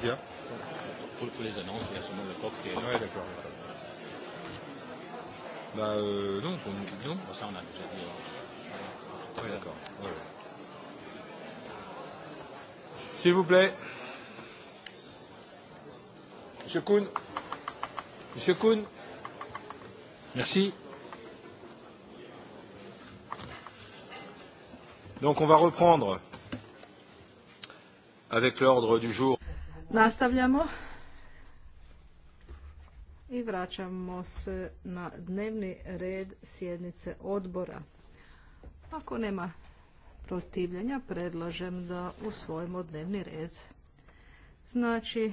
Plaisir. Pour, pour les annonces, il y a ah Bah euh, non, ça, S'il vous plaît. Monsieur Kuhn. Monsieur Kuhn. Merci. Donc on va reprendre avec l'ordre du jour. Nastavljamo i vraćamo se na dnevni red sjednice odbora. Ako nema protivljenja, predlažem da usvojimo dnevni red. Znači,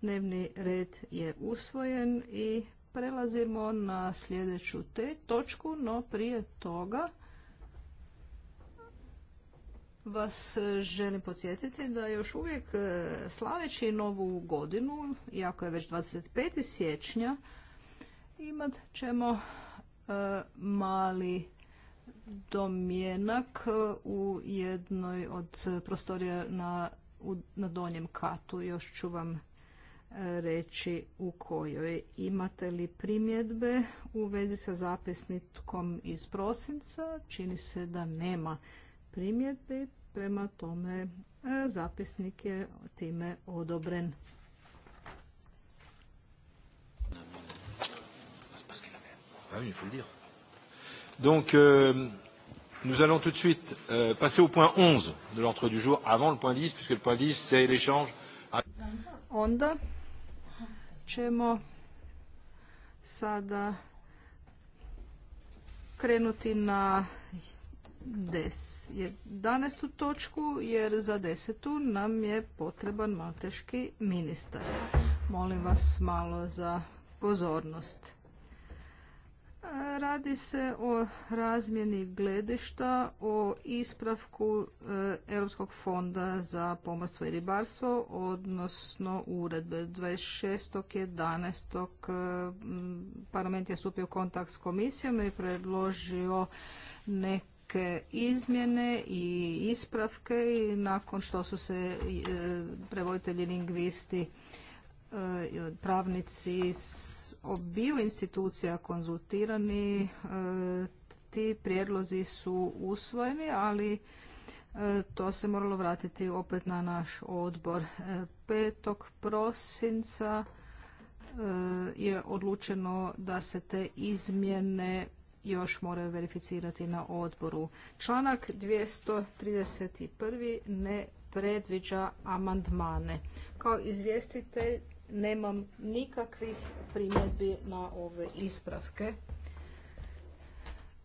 dnevni red je usvojen i prelazimo na sljedeću te točku, no prije toga vas e, želim podsjetiti da još uvijek e, slaveći novu godinu, iako je već 25. siječnja, imat ćemo e, mali domjenak u jednoj od prostorija na, na donjem katu. Još ću vam reći u kojoj. Imate li primjedbe u vezi sa zapisnikom iz prosinca? Čini se da nema primjedbi. Prema tome e, zapisnik je time odobren. Ah Donc, euh, nous allons tout de suite euh, passer au point 11 de l'ordre du jour, avant le point 10, puisque le point 10, c'est l'échange. Onda ćemo sada krenuti na des, točku jer za desetu nam je potreban malteški ministar. Molim vas malo za pozornost. Radi se o razmjeni gledišta, o ispravku eh, Europskog fonda za pomorstvo i ribarstvo, odnosno uredbe 26.11. Eh, parlament je stupio kontakt s komisijom i predložio neke izmjene i ispravke i nakon što su se e, prevoditelji lingvisti e, pravnici obiju institucija konzultirani e, ti prijedlozi su usvojeni, ali to se moralo vratiti opet na naš odbor. 5. prosinca je odlučeno da se te izmjene još moraju verificirati na odboru. Članak 231. ne predviđa amandmane. Kao izvjestitelj nemam nikakvih primjedbi na ove ispravke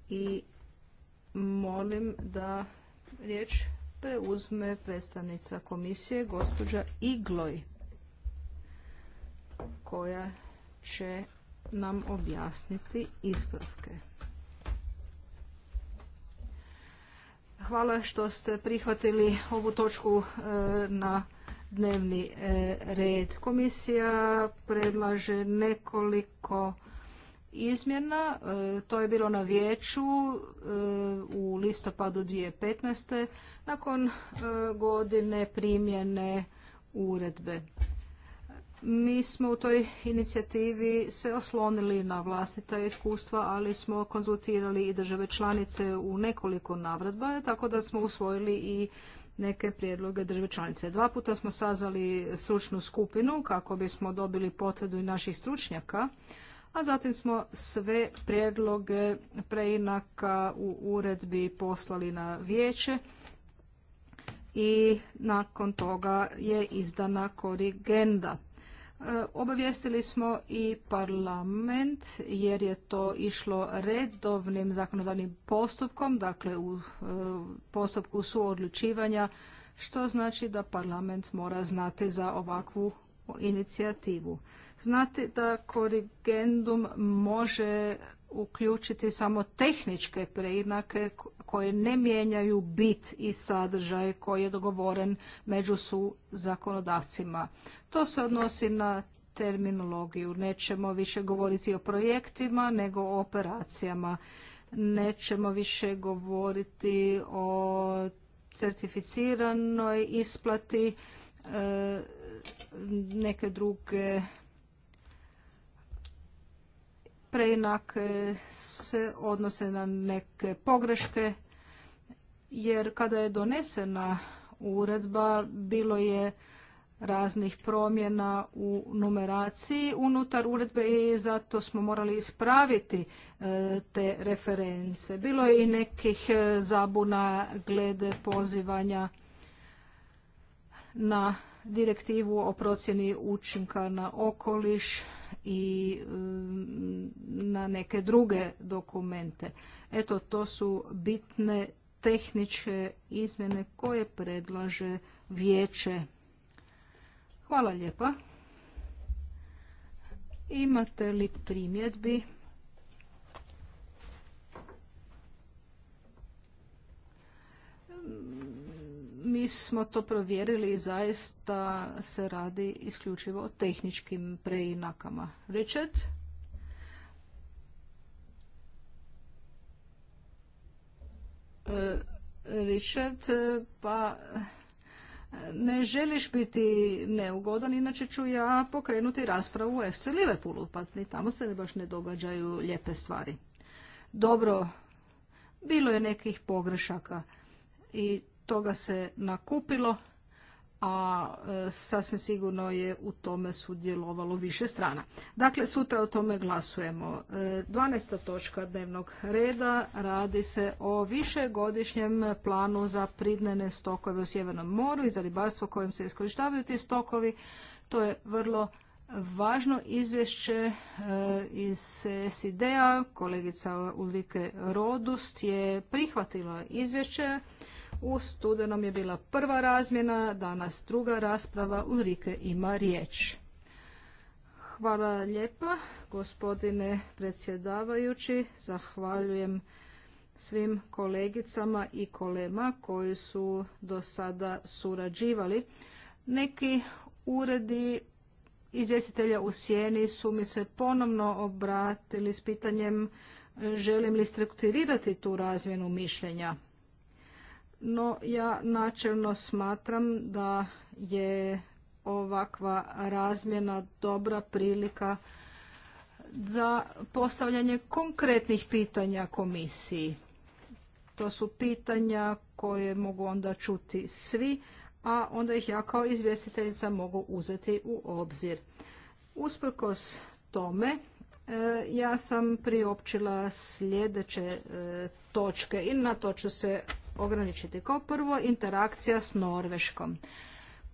i molim da riječ preuzme predstavnica komisije gospođa Igloj koja će nam objasniti ispravke. Hvala što ste prihvatili ovu točku e, na dnevni e, red. Komisija predlaže nekoliko izmjena. E, to je bilo na vijeću u listopadu 2015. nakon godine primjene uredbe. Mi smo u toj inicijativi se oslonili na vlastita iskustva, ali smo konzultirali i države članice u nekoliko navredba, tako da smo usvojili i neke prijedloge države članice. Dva puta smo sazali stručnu skupinu kako bismo dobili potvrdu i naših stručnjaka, a zatim smo sve prijedloge preinaka u uredbi poslali na vijeće i nakon toga je izdana korigenda. Obavijestili smo i parlament jer je to išlo redovnim zakonodavnim postupkom, dakle u e, postupku suodlučivanja, što znači da parlament mora znati za ovakvu inicijativu. Znate da korigendum može uključiti samo tehničke preinake koje ne mijenjaju bit i sadržaj koji je dogovoren među su zakonodavcima. To se odnosi na terminologiju. Nećemo više govoriti o projektima nego o operacijama. Nećemo više govoriti o certificiranoj isplati e, neke druge preinak se odnose na neke pogreške, jer kada je donesena uredba bilo je raznih promjena u numeraciji unutar uredbe i zato smo morali ispraviti e, te reference. Bilo je i nekih e, zabuna glede pozivanja na direktivu o procjeni učinka na okoliš i mm, na neke druge dokumente. Eto, to su bitne tehničke izmjene koje predlaže vijeće. Hvala lijepa. Imate li primjedbi? mi smo to provjerili i zaista se radi isključivo o tehničkim preinakama. Richard? E, Richard, e, pa ne želiš biti neugodan, inače ću ja pokrenuti raspravu u FC Liverpoolu, pa ni tamo se baš ne događaju lijepe stvari. Dobro, bilo je nekih pogrešaka i toga se nakupilo, a e, sasvim sigurno je u tome sudjelovalo više strana. Dakle, sutra o tome glasujemo. 12. E, točka dnevnog reda radi se o višegodišnjem planu za pridnene stokove u Sjevernom moru i za ribarstvo kojim se iskorištavaju ti stokovi. To je vrlo važno izvješće e, iz SID-a. Kolegica Ulrike Rodust je prihvatila izvješće u studenom je bila prva razmjena, danas druga rasprava. Ulrike ima riječ. Hvala lijepa, gospodine predsjedavajući. Zahvaljujem svim kolegicama i kolema koji su do sada surađivali. Neki uredi izvjestitelja u sjeni su mi se ponovno obratili s pitanjem želim li strukturirati tu razmjenu mišljenja. No ja načelno smatram da je ovakva razmjena dobra prilika za postavljanje konkretnih pitanja komisiji. To su pitanja koje mogu onda čuti svi, a onda ih ja kao izvjestiteljica mogu uzeti u obzir. Usprkos tome, e, ja sam priopćila sljedeće e, točke i na to ću se ograničiti. Kao prvo, interakcija s Norveškom.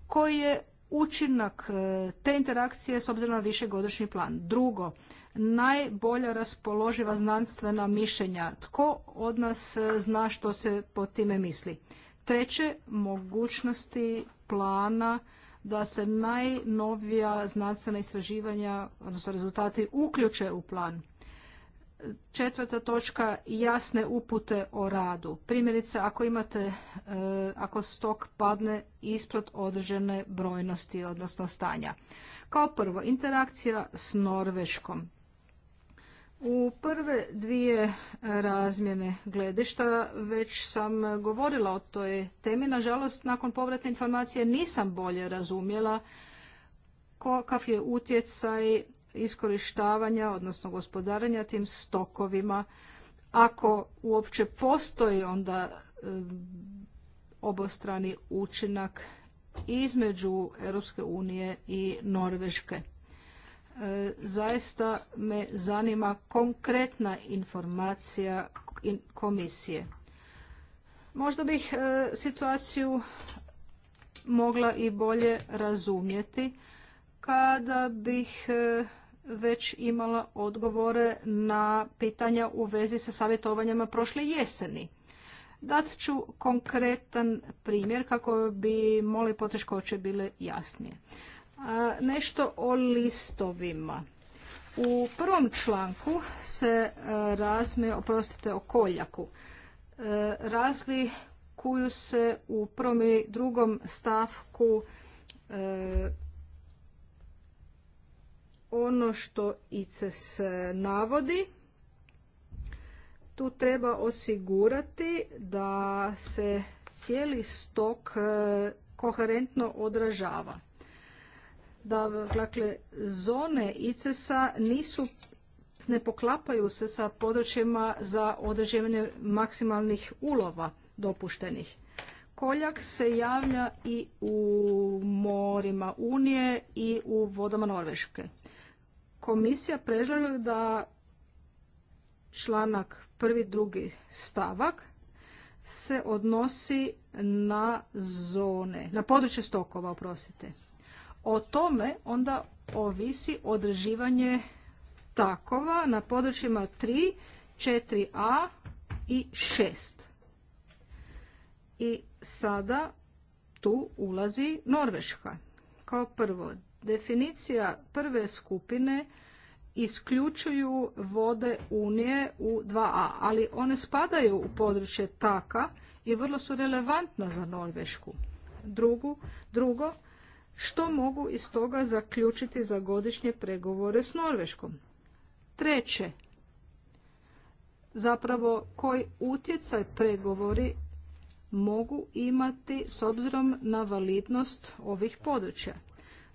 Koji je učinak e, te interakcije s obzirom na višegodišnji plan? Drugo, najbolja raspoloživa znanstvena mišljenja. Tko od nas e, zna što se po time misli? Treće, mogućnosti plana da se najnovija znanstvena istraživanja, odnosno rezultati, uključe u plan. Četvrta točka jasne upute o radu. Primjerice ako imate, e, ako stok padne isprot određene brojnosti, odnosno stanja. Kao prvo, interakcija s Norveškom. U prve dvije razmjene gledišta već sam govorila o toj temi. Nažalost, nakon povratne informacije nisam bolje razumjela kakav je utjecaj iskorištavanja, odnosno gospodarenja tim stokovima. Ako uopće postoji onda obostrani učinak između Europske unije i Norveške. E, zaista me zanima konkretna informacija komisije. Možda bih e, situaciju mogla i bolje razumjeti kada bih e, već imala odgovore na pitanja u vezi sa savjetovanjama prošle jeseni. Dat ću konkretan primjer kako bi mole poteškoće bile jasnije. E, nešto o listovima. U prvom članku se e, razme, oprostite, o koljaku. Razlikuju se u prvom i drugom stavku ono što ICES navodi. Tu treba osigurati da se cijeli stok e, koherentno odražava. Da, dakle, zone ICES-a nisu ne poklapaju se sa područjima za određivanje maksimalnih ulova dopuštenih. Koljak se javlja i u morima Unije i u vodama Norveške komisija predlaže da članak prvi, drugi stavak se odnosi na zone, na područje stokova, oprostite. O tome onda ovisi održivanje takova na područjima 3, 4a i 6. I sada tu ulazi Norveška. Kao prvo, definicija prve skupine isključuju vode Unije u 2A, ali one spadaju u područje taka i vrlo su relevantna za Norvešku. Drugu, drugo, što mogu iz toga zaključiti za godišnje pregovore s Norveškom? Treće, zapravo koji utjecaj pregovori mogu imati s obzirom na validnost ovih područja?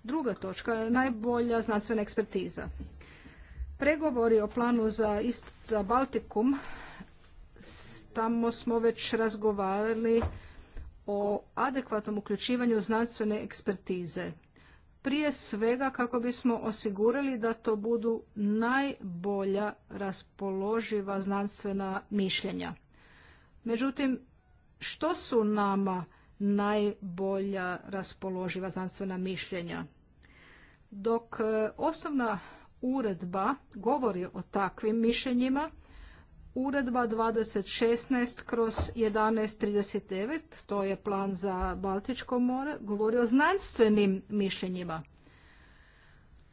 Druga točka je najbolja znanstvena ekspertiza. Pregovori o planu za isto Baltikum, tamo smo već razgovarali o adekvatnom uključivanju znanstvene ekspertize. Prije svega kako bismo osigurali da to budu najbolja raspoloživa znanstvena mišljenja. Međutim, što su nama najbolja raspoloživa znanstvena mišljenja. Dok e, osnovna uredba govori o takvim mišljenjima, uredba 2016 kroz 1139, to je plan za Baltičko more, govori o znanstvenim mišljenjima.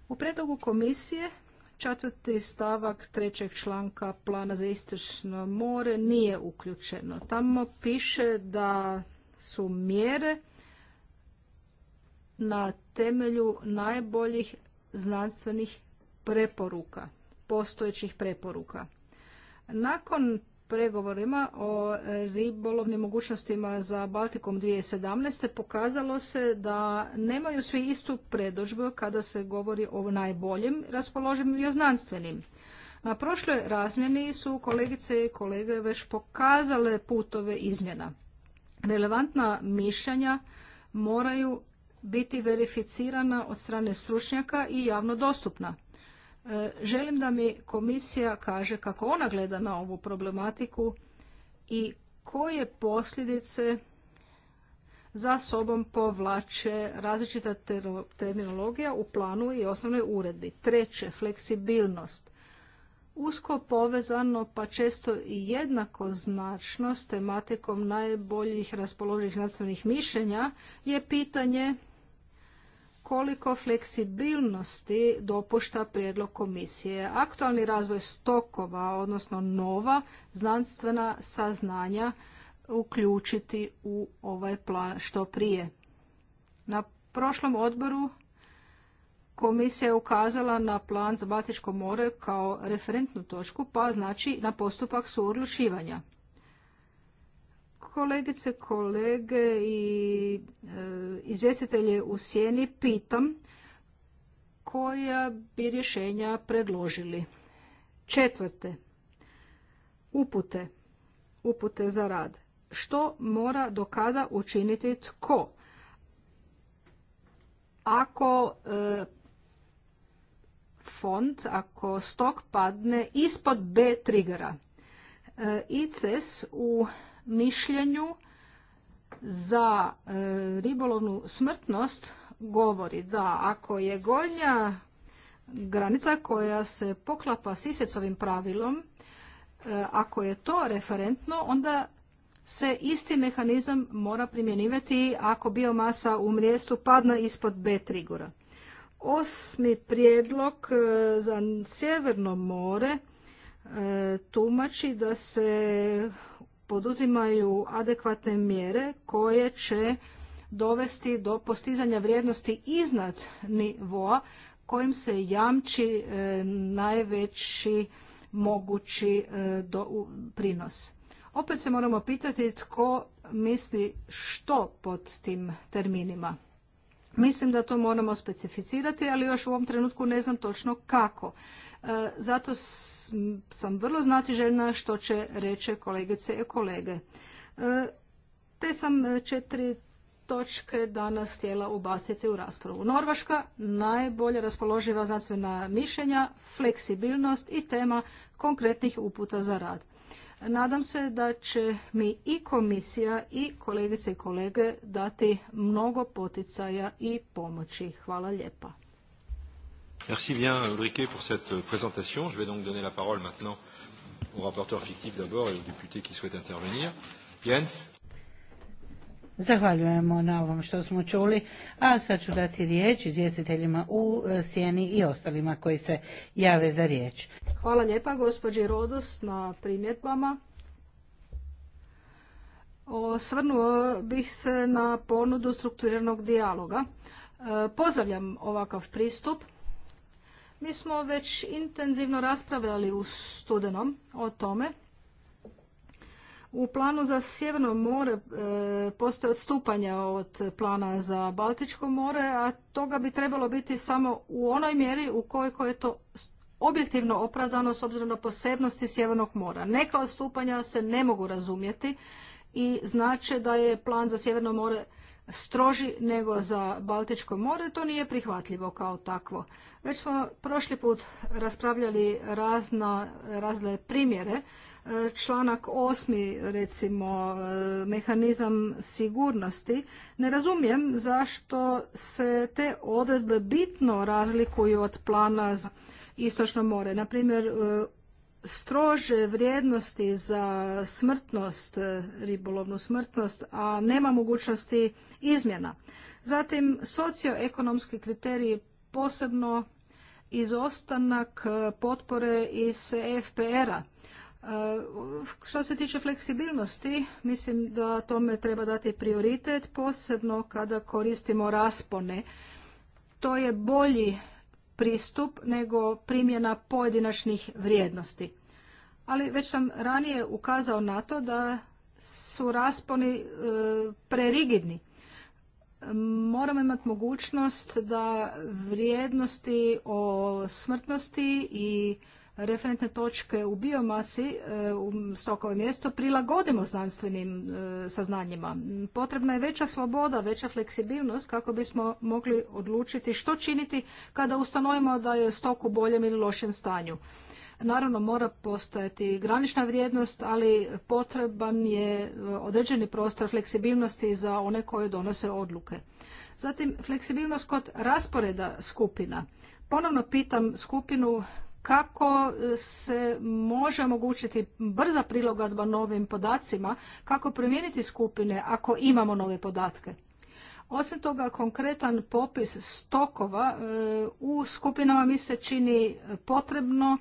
U predlogu komisije četvrti stavak trećeg članka plana za istočno more nije uključeno. Tamo piše da su mjere na temelju najboljih znanstvenih preporuka, postojećih preporuka. Nakon pregovorima o ribolovnim mogućnostima za Baltikom 2017. pokazalo se da nemaju svi istu predođbu kada se govori o najboljim raspoloživim i o znanstvenim. Na prošloj razmjeni su kolegice i kolege već pokazale putove izmjena relevantna mišljenja moraju biti verificirana od strane stručnjaka i javno dostupna. E, želim da mi komisija kaže kako ona gleda na ovu problematiku i koje posljedice za sobom povlače različita terminologija u planu i osnovnoj uredbi. Treće, fleksibilnost usko povezano pa često i jednako značno s tematikom najboljih raspoloživih znanstvenih mišljenja je pitanje koliko fleksibilnosti dopušta prijedlog komisije. Aktualni razvoj stokova, odnosno nova znanstvena saznanja uključiti u ovaj plan što prije. Na prošlom odboru Komisija je ukazala na plan za Batičko more kao referentnu točku, pa znači na postupak suodlučivanja. Kolegice, kolege i e, izvjestitelje u sjeni pitam koja bi rješenja predložili. Četvrte, upute, upute za rad. Što mora do kada učiniti tko? Ako e, fond ako stok padne ispod B trigera. E, ICES u mišljenju za e, ribolovnu smrtnost govori da ako je gornja granica koja se poklapa s ISEC-ovim e pravilom, ako je to referentno, onda se isti mehanizam mora primjenjivati ako biomasa u mrijestu padne ispod B trigera Osmi prijedlog e, za Sjeverno more e, tumači da se poduzimaju adekvatne mjere koje će dovesti do postizanja vrijednosti iznad nivoa kojim se jamči e, najveći mogući prinos. Opet se moramo pitati tko misli što pod tim terminima. Mislim da to moramo specificirati, ali još u ovom trenutku ne znam točno kako. E, zato sam vrlo znatiželjna što će reći kolegice i kolege. E, te sam četiri točke danas htjela ubaciti u raspravu. Norvaška, najbolje raspoloživa znanstvena mišljenja, fleksibilnost i tema konkretnih uputa za rad. Nadam se da će mi i komisija i kolegice i kolege dati mnogo poticaja i pomoći. Hvala lijepa. Merci bien Ulrike pour cette présentation. Je vais donc donner la parole maintenant au rapporteur fictif d'abord et au député qui souhaite intervenir. Jens Zahvaljujemo na ovom što smo čuli, a sad ću dati riječ izvjestiteljima u e, sjeni i ostalima koji se jave za riječ. Hvala lijepa gospođi Rodos na primjetbama. Osvrnuo bih se na ponudu strukturiranog dijaloga. E, pozdravljam ovakav pristup. Mi smo već intenzivno raspravljali u studenom o tome u planu za Sjeverno more e, postoje odstupanja od plana za Baltičko more, a toga bi trebalo biti samo u onoj mjeri u kojoj je to objektivno opravdano s obzirom na posebnosti Sjevernog mora. Neka odstupanja se ne mogu razumjeti i znači da je plan za Sjeverno more stroži nego za Baltičko more. To nije prihvatljivo kao takvo. Već smo prošli put raspravljali razno, razne primjere. E, članak osmi, recimo, e, mehanizam sigurnosti. Ne razumijem zašto se te odredbe bitno razlikuju od plana za Istočno more. Naprimjer, e, strože vrijednosti za smrtnost, ribolovnu smrtnost, a nema mogućnosti izmjena. Zatim, socioekonomski kriteriji posebno izostanak e, potpore iz FPR-a. E, što se tiče fleksibilnosti, mislim da tome treba dati prioritet, posebno kada koristimo raspone. To je bolji pristup nego primjena pojedinačnih vrijednosti. Ali već sam ranije ukazao na to da su rasponi e, prerigidni moramo imati mogućnost da vrijednosti o smrtnosti i referentne točke u biomasi e, u stokovo mjesto prilagodimo znanstvenim e, saznanjima. Potrebna je veća sloboda, veća fleksibilnost kako bismo mogli odlučiti što činiti kada ustanovimo da je stok u boljem ili lošem stanju. Naravno mora postojati granična vrijednost, ali potreban je e, određeni prostor fleksibilnosti za one koje donose odluke. Zatim fleksibilnost kod rasporeda skupina. Ponovno pitam skupinu kako se može omogućiti brza prilagodba novim podacima, kako promijeniti skupine ako imamo nove podatke. Osim toga, konkretan popis stokova e, u skupinama mi se čini potrebno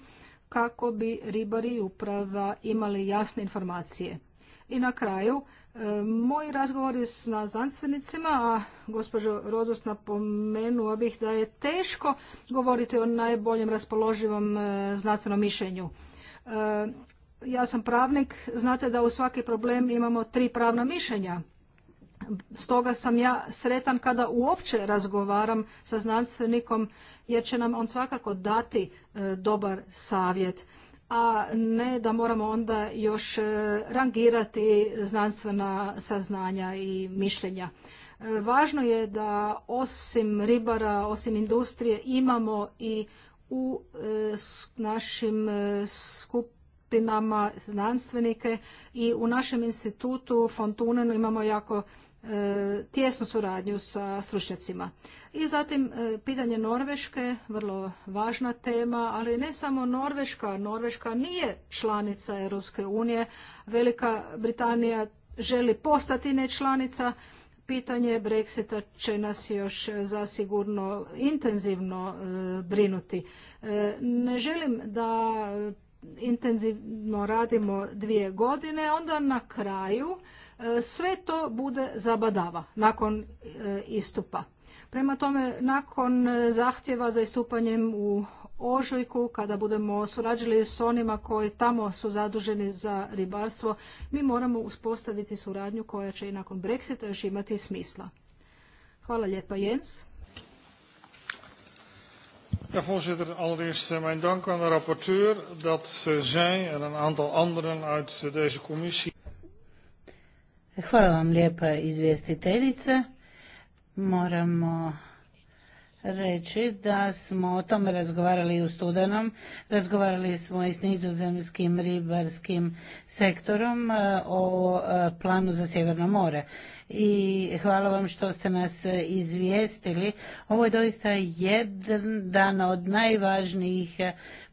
kako bi ribari i uprava imali jasne informacije. I na kraju, e, moji razgovori s znanstvenicima, a gospođo Rodos napomenuo bih da je teško govoriti o najboljem raspoloživom e, znanstvenom mišljenju. E, ja sam pravnik, znate da u svaki problem imamo tri pravna mišljenja Stoga sam ja sretan kada uopće razgovaram sa znanstvenikom jer će nam on svakako dati e, dobar savjet a ne da moramo onda još e, rangirati znanstvena saznanja i mišljenja. E, važno je da osim ribara, osim industrije imamo i u našim skupinama znanstvenike i u našem institutu Fontunenu imamo jako E, tjesnu suradnju sa stručnjacima. I zatim e, pitanje Norveške, vrlo važna tema, ali ne samo Norveška. Norveška nije članica Europske unije. Velika Britanija želi postati ne članica. Pitanje Brexita će nas još zasigurno intenzivno e, brinuti. Ne želim da intenzivno radimo dvije godine, onda na kraju sve to bude zabadava nakon e, istupa. Prema tome, nakon e, zahtjeva za istupanjem u ožujku, kada budemo surađili s onima koji tamo su zaduženi za ribarstvo, mi moramo uspostaviti suradnju koja će i nakon Brexita još imati smisla. Hvala lijepa, Jens. Ja, voorzitter, allereerst eh, mijn dank aan de rapporteur dat eh, zij en een aantal anderen uit eh, deze commissie Hvala vam lijepa izvjestiteljice. Moramo reći da smo o tome razgovarali u studenom. Razgovarali smo i s nizozemskim ribarskim sektorom e, o e, planu za Sjeverno more i hvala vam što ste nas izvijestili. Ovo je doista jedan od najvažnijih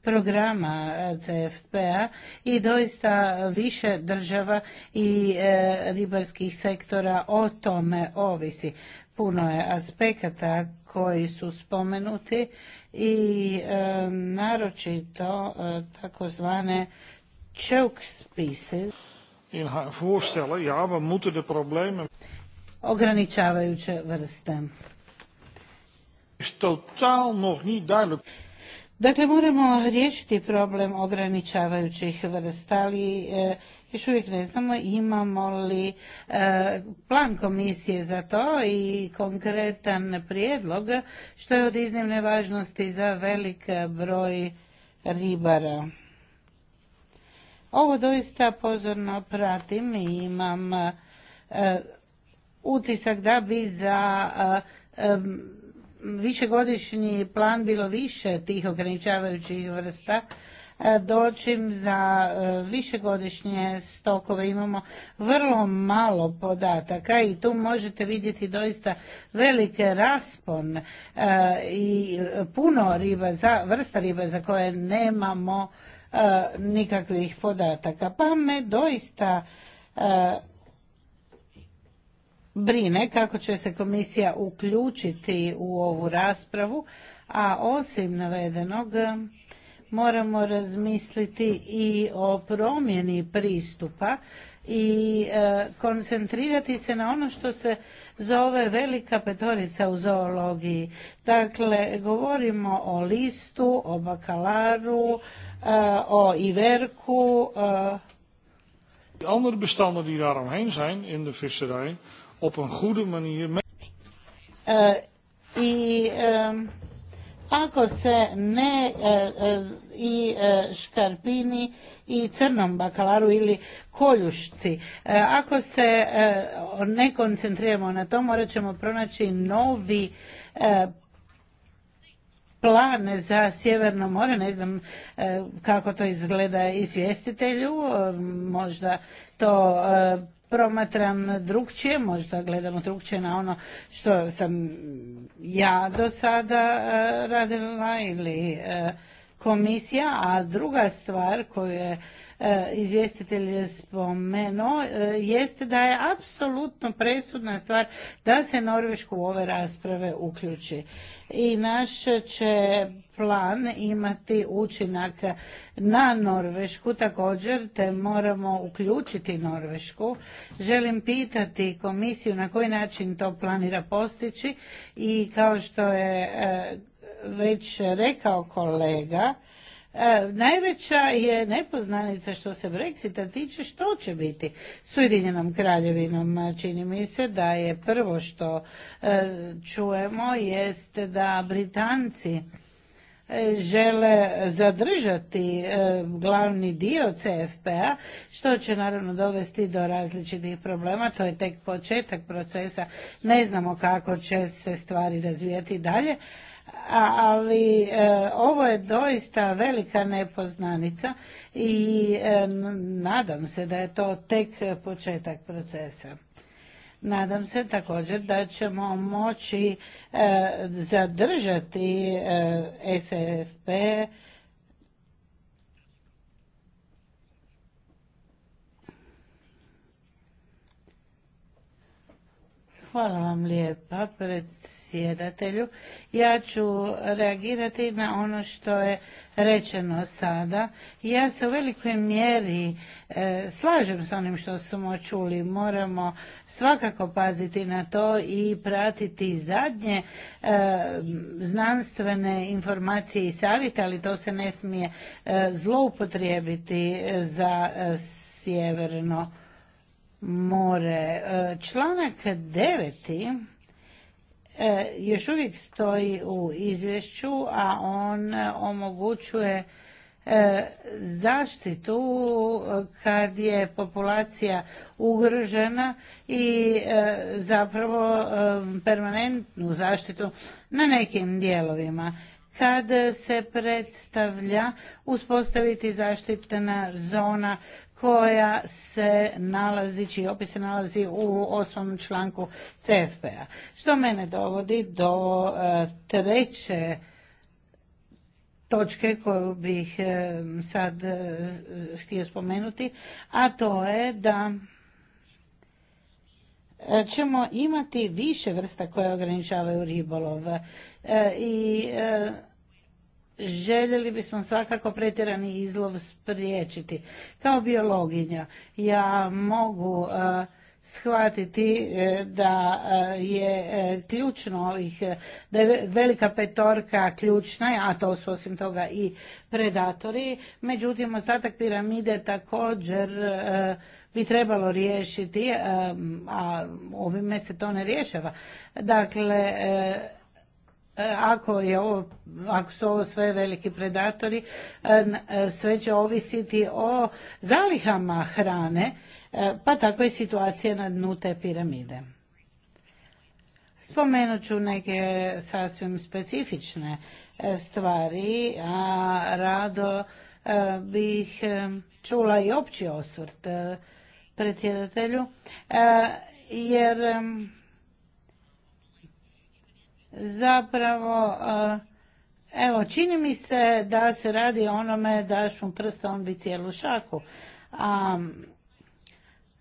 programa CFP-a i doista više država i e, ribarskih sektora o tome ovisi. Puno je aspekata koji su spomenuti i e, naročito e, takozvane choke species in haar voorstellen, ja, we moeten de problemen... Ograničavajuće vrste. Is totaal nog niet duidelijk. Dakle, moramo riješiti problem ograničavajućih vrsta, ali e, još uvijek ne znamo imamo li e, plan komisije za to i konkretan prijedlog, što je od iznimne važnosti za velik broj ribara. Ovo doista pozorno pratim i imam e, utisak da bi za e, e, višegodišnji plan bilo više tih ograničavajućih vrsta, dočim za višegodišnje stokove imamo vrlo malo podataka i tu možete vidjeti doista velike raspon i puno riba za, vrsta riba za koje nemamo E, nikakvih podataka. Pa me doista e, brine kako će se komisija uključiti u ovu raspravu, a osim navedenog e, moramo razmisliti i o promjeni pristupa i koncentrirati se na ono što se zove velika petorica u zoologiji. Dakle, govorimo o listu, o bakalaru, e, o iverku. Die andere bestanden die daaromheen zijn in de visserij op een goede manier e, I e, ako se ne i škarpini i crnom bakalaru ili koljušci. E, ako se e, ne koncentriramo na to, morat ćemo pronaći novi e, plan za Sjeverno more, ne znam kako to izgleda izvjestitelju, možda to promatram drugčije, možda gledamo drugčije na ono što sam ja do sada radila ili komisija, a druga stvar koju je E, izvjestitelj je spomenuo, e, jeste da je apsolutno presudna stvar da se Norvešku u ove rasprave uključi. I naš će plan imati učinak na Norvešku također, te moramo uključiti Norvešku. Želim pitati komisiju na koji način to planira postići i kao što je e, već rekao kolega, E, najveća je nepoznanica što se Brexita tiče što će biti s Ujedinjenom kraljevinom. Čini mi se da je prvo što e, čujemo jest da Britanci e, žele zadržati glavni dio CFP-a, što će naravno dovesti do različitih problema. To je tek početak procesa. Ne znamo kako će se stvari razvijati dalje, ali e, ovo je doista velika nepoznanica i e, nadam se da je to tek početak procesa. Nadam se također da ćemo moći e, zadržati SFP Hvala vam lijepa, predsjedatelju. Ja ću reagirati na ono što je rečeno sada. Ja se u velikoj mjeri e, slažem s onim što smo čuli. Moramo svakako paziti na to i pratiti zadnje e, znanstvene informacije i savjete, ali to se ne smije e, zloupotrijebiti za sjeverno more. Članak deveti E, još uvijek stoji u izvješću, a on e, omogućuje e, zaštitu kad je populacija ugrožena i zapravo permanentnu zaštitu na nekim dijelovima. Kad se predstavlja uspostaviti zaštitna zona koja se nalazi, čiji se nalazi u osmom članku CFP-a. Što mene dovodi do e, treće točke koju bih e, sad e, htio spomenuti, a to je da ćemo imati više vrsta koje ograničavaju ribolov. I željeli bismo svakako pretjerani izlov spriječiti. Kao biologinja ja mogu e, shvatiti e, e, da je ključno ovih, da je velika petorka ključna, a to su osim toga i predatori. Međutim, ostatak piramide također bi trebalo riješiti, a ovime se to ne rješava. Dakle, E, ako, je ako su ovo sve veliki predatori, e, e, sve će ovisiti o zalihama hrane, pa tako i situacija na dnu te piramide. Spomenut ću neke sasvim specifične stvari, a rado bih čula i opći osvrt predsjedatelju, jer zapravo eh, evo čini mi se da se radi o onome da mu prsta bi cijelu šaku a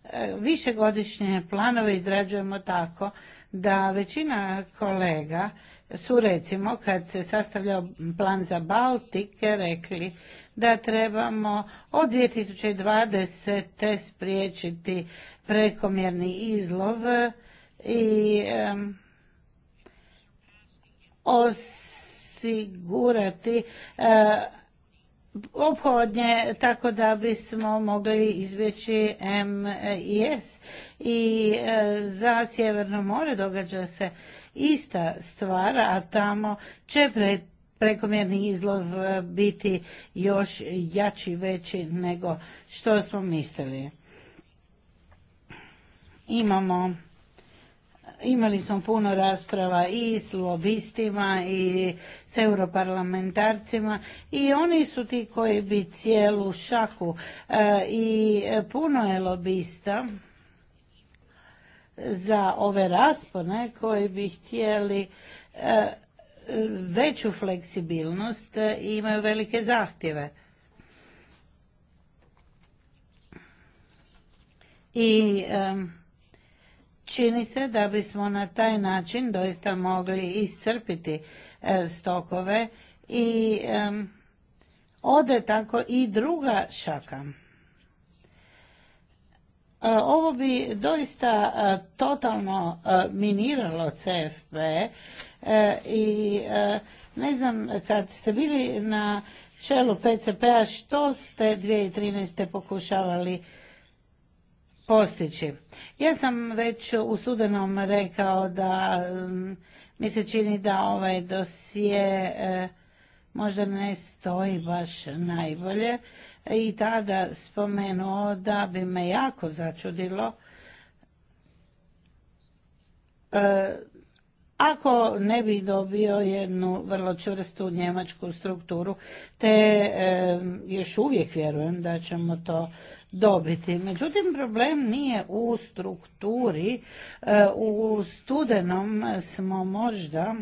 eh, višegodišnje planove izrađujemo tako da većina kolega su recimo kad se sastavljao plan za Baltike, rekli da trebamo od 2020. spriječiti prekomjerni izlov i osigurati e, ophodnje tako da bismo mogli izbjeći MIS e i e, za Sjeverno more događa se ista stvar, a tamo će prekomjerni izlov biti još jači, veći nego što smo mislili. Imamo Imali smo puno rasprava i s lobistima i s europarlamentarcima i oni su ti koji bi cijelu šaku e, i puno je lobista za ove raspone koji bi htjeli e, veću fleksibilnost i imaju velike zahtjeve. I Čini se da bismo na taj način doista mogli iscrpiti e, stokove i ode tako i druga šaka. E, ovo bi doista e, totalno miniralo CFP i ne znam kad ste bili na čelu PCP-a što ste 2013. pokušavali postići. Ja sam već u studenom rekao da mm, mi se čini da ovaj dosije e, možda ne stoji baš najbolje i tada spomenuo da bi me jako začudilo e, ako ne bi dobio jednu vrlo čvrstu njemačku strukturu, te e, još uvijek vjerujem da ćemo to dobiti. Međutim, problem nije u strukturi. E, u studenom smo možda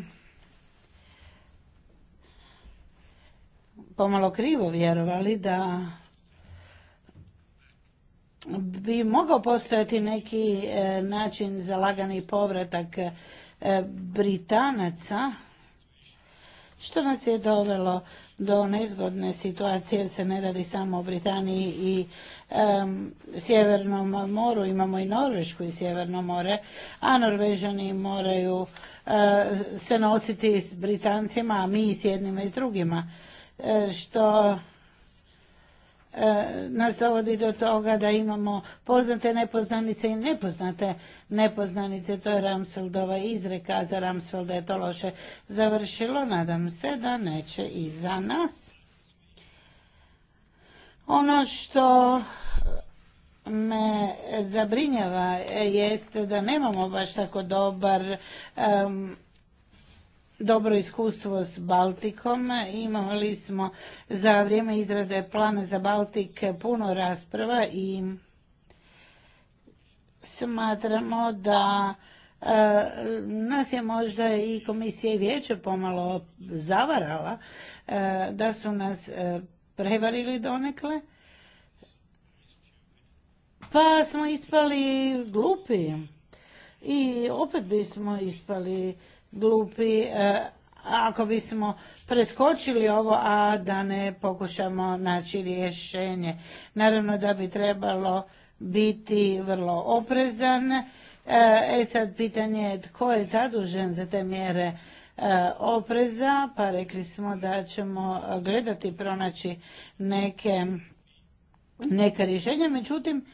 pomalo krivo vjerovali da bi mogao postojati neki e, način za lagani povratak e, Britanaca, što nas je dovelo do nezgodne situacije, jer se ne radi samo o Britaniji i Sjevernom moru, imamo i Norvešku i Sjeverno more, a Norvežani moraju e, se nositi s Britancima, a mi s jednima i s drugima, e, što e, nas dovodi do toga da imamo poznate nepoznanice i nepoznate nepoznanice. To je Ramsfeldova izreka, za Ramsfelda je to loše završilo, nadam se da neće i za nas. Ono što me zabrinjava jeste da nemamo baš tako dobar dobro iskustvo s Baltikom. Imali smo za vrijeme izrade plana za Baltik puno rasprava i smatramo da eh, nas je možda i komisija i vijeće pomalo zavarala eh, da su nas eh, prevarili donekle. Pa smo ispali glupi. I opet bismo ispali glupi e, ako bismo preskočili ovo, a da ne pokušamo naći rješenje. Naravno da bi trebalo biti vrlo oprezan. E, e sad pitanje je tko je zadužen za te mjere E, opreza, pa rekli smo da ćemo e, gledati pronaći neke, neka rješenja, međutim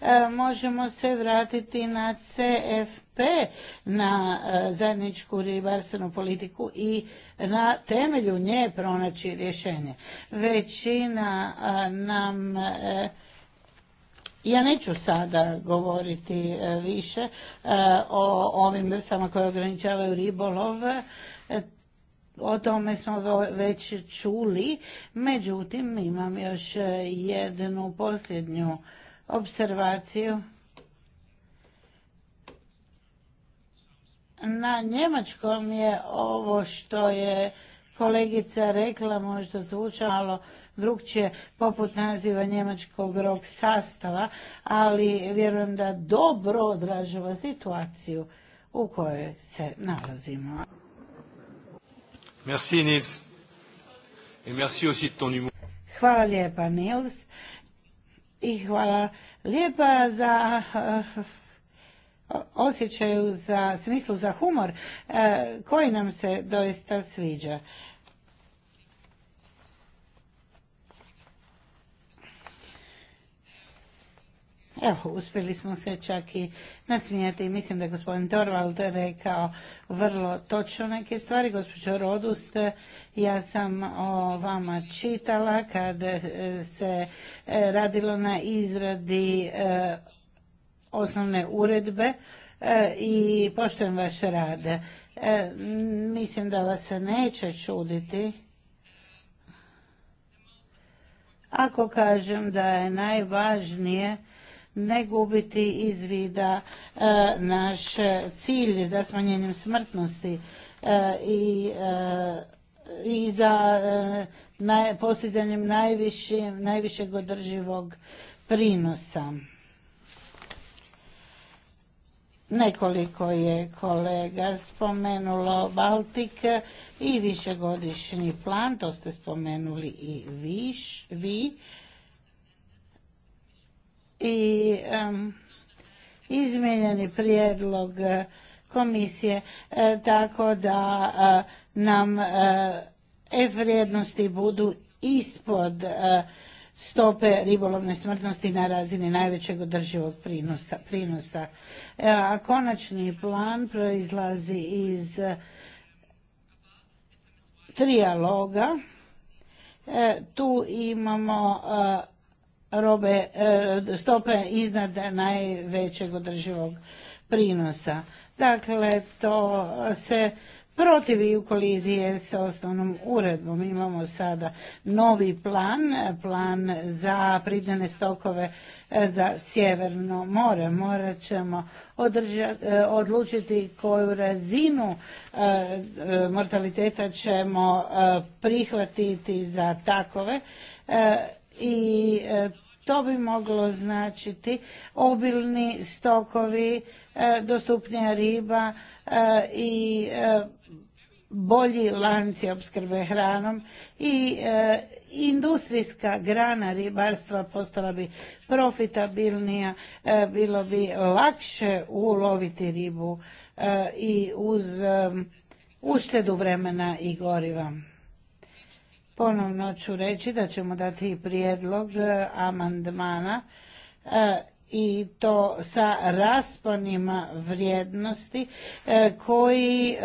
e, možemo se vratiti na CFP, na zajedničku ribarstvenu politiku i na temelju nje pronaći rješenje. Većina nam ja neću sada govoriti e, više e, o ovim vrstama koje ograničavaju ribolove. E, o tome smo već čuli, međutim imam još jednu posljednju observaciju. Na njemačkom je ovo što je kolegica rekla, možda zvuča malo drugčije poput naziva njemačkog rok sastava, ali vjerujem da dobro odražava situaciju u kojoj se nalazimo. Merci Nils. Et merci aussi ton Hvala lijepa Nils i hvala lijepa za eh, osjećaju za smislu za humor e, koji nam se doista sviđa. Evo, uspjeli smo se čak i nasmijati. Mislim da je gospodin Torvald rekao vrlo točno neke stvari. Gospođo Rodust, ja sam o vama čitala kad se e, radilo na izradi e, osnovne uredbe e, i poštujem vaše rad. E, mislim da vas se neće čuditi ako kažem da je najvažnije ne gubiti iz vida e, naš cilj za smanjenjem smrtnosti i i za posljedanjem najvišeg održivog prinosa. Nekoliko je kolega spomenulo Baltik i višegodišnji plan, to ste spomenuli i viš, vi. I um, izmijenjeni prijedlog komisije e, tako da e, nam e, F vrijednosti budu ispod e, stope ribolovne smrtnosti na razini najvećeg održivog prinosa. E, a konačni plan proizlazi iz e, trijaloga. E, tu imamo robe, stope iznad najvećeg održivog prinosa. Dakle, to se protiv i u koliziji je sa osnovnom uredbom. Imamo sada novi plan, plan za pridane stokove e, za Sjeverno more. Morat ćemo e, odlučiti koju razinu e, mortaliteta ćemo prihvatiti za takove i to bi moglo značiti obilni stokovi, e, dostupnija riba e, i e, bolji lanci opskrbe hranom i industrijska grana ribarstva postala bi profitabilnija, bilo bi lakše uloviti ribu i uz uštedu vremena i goriva. Ponovno ću reći da ćemo dati prijedlog e, amandmana e, i to sa rasponima vrijednosti e, koji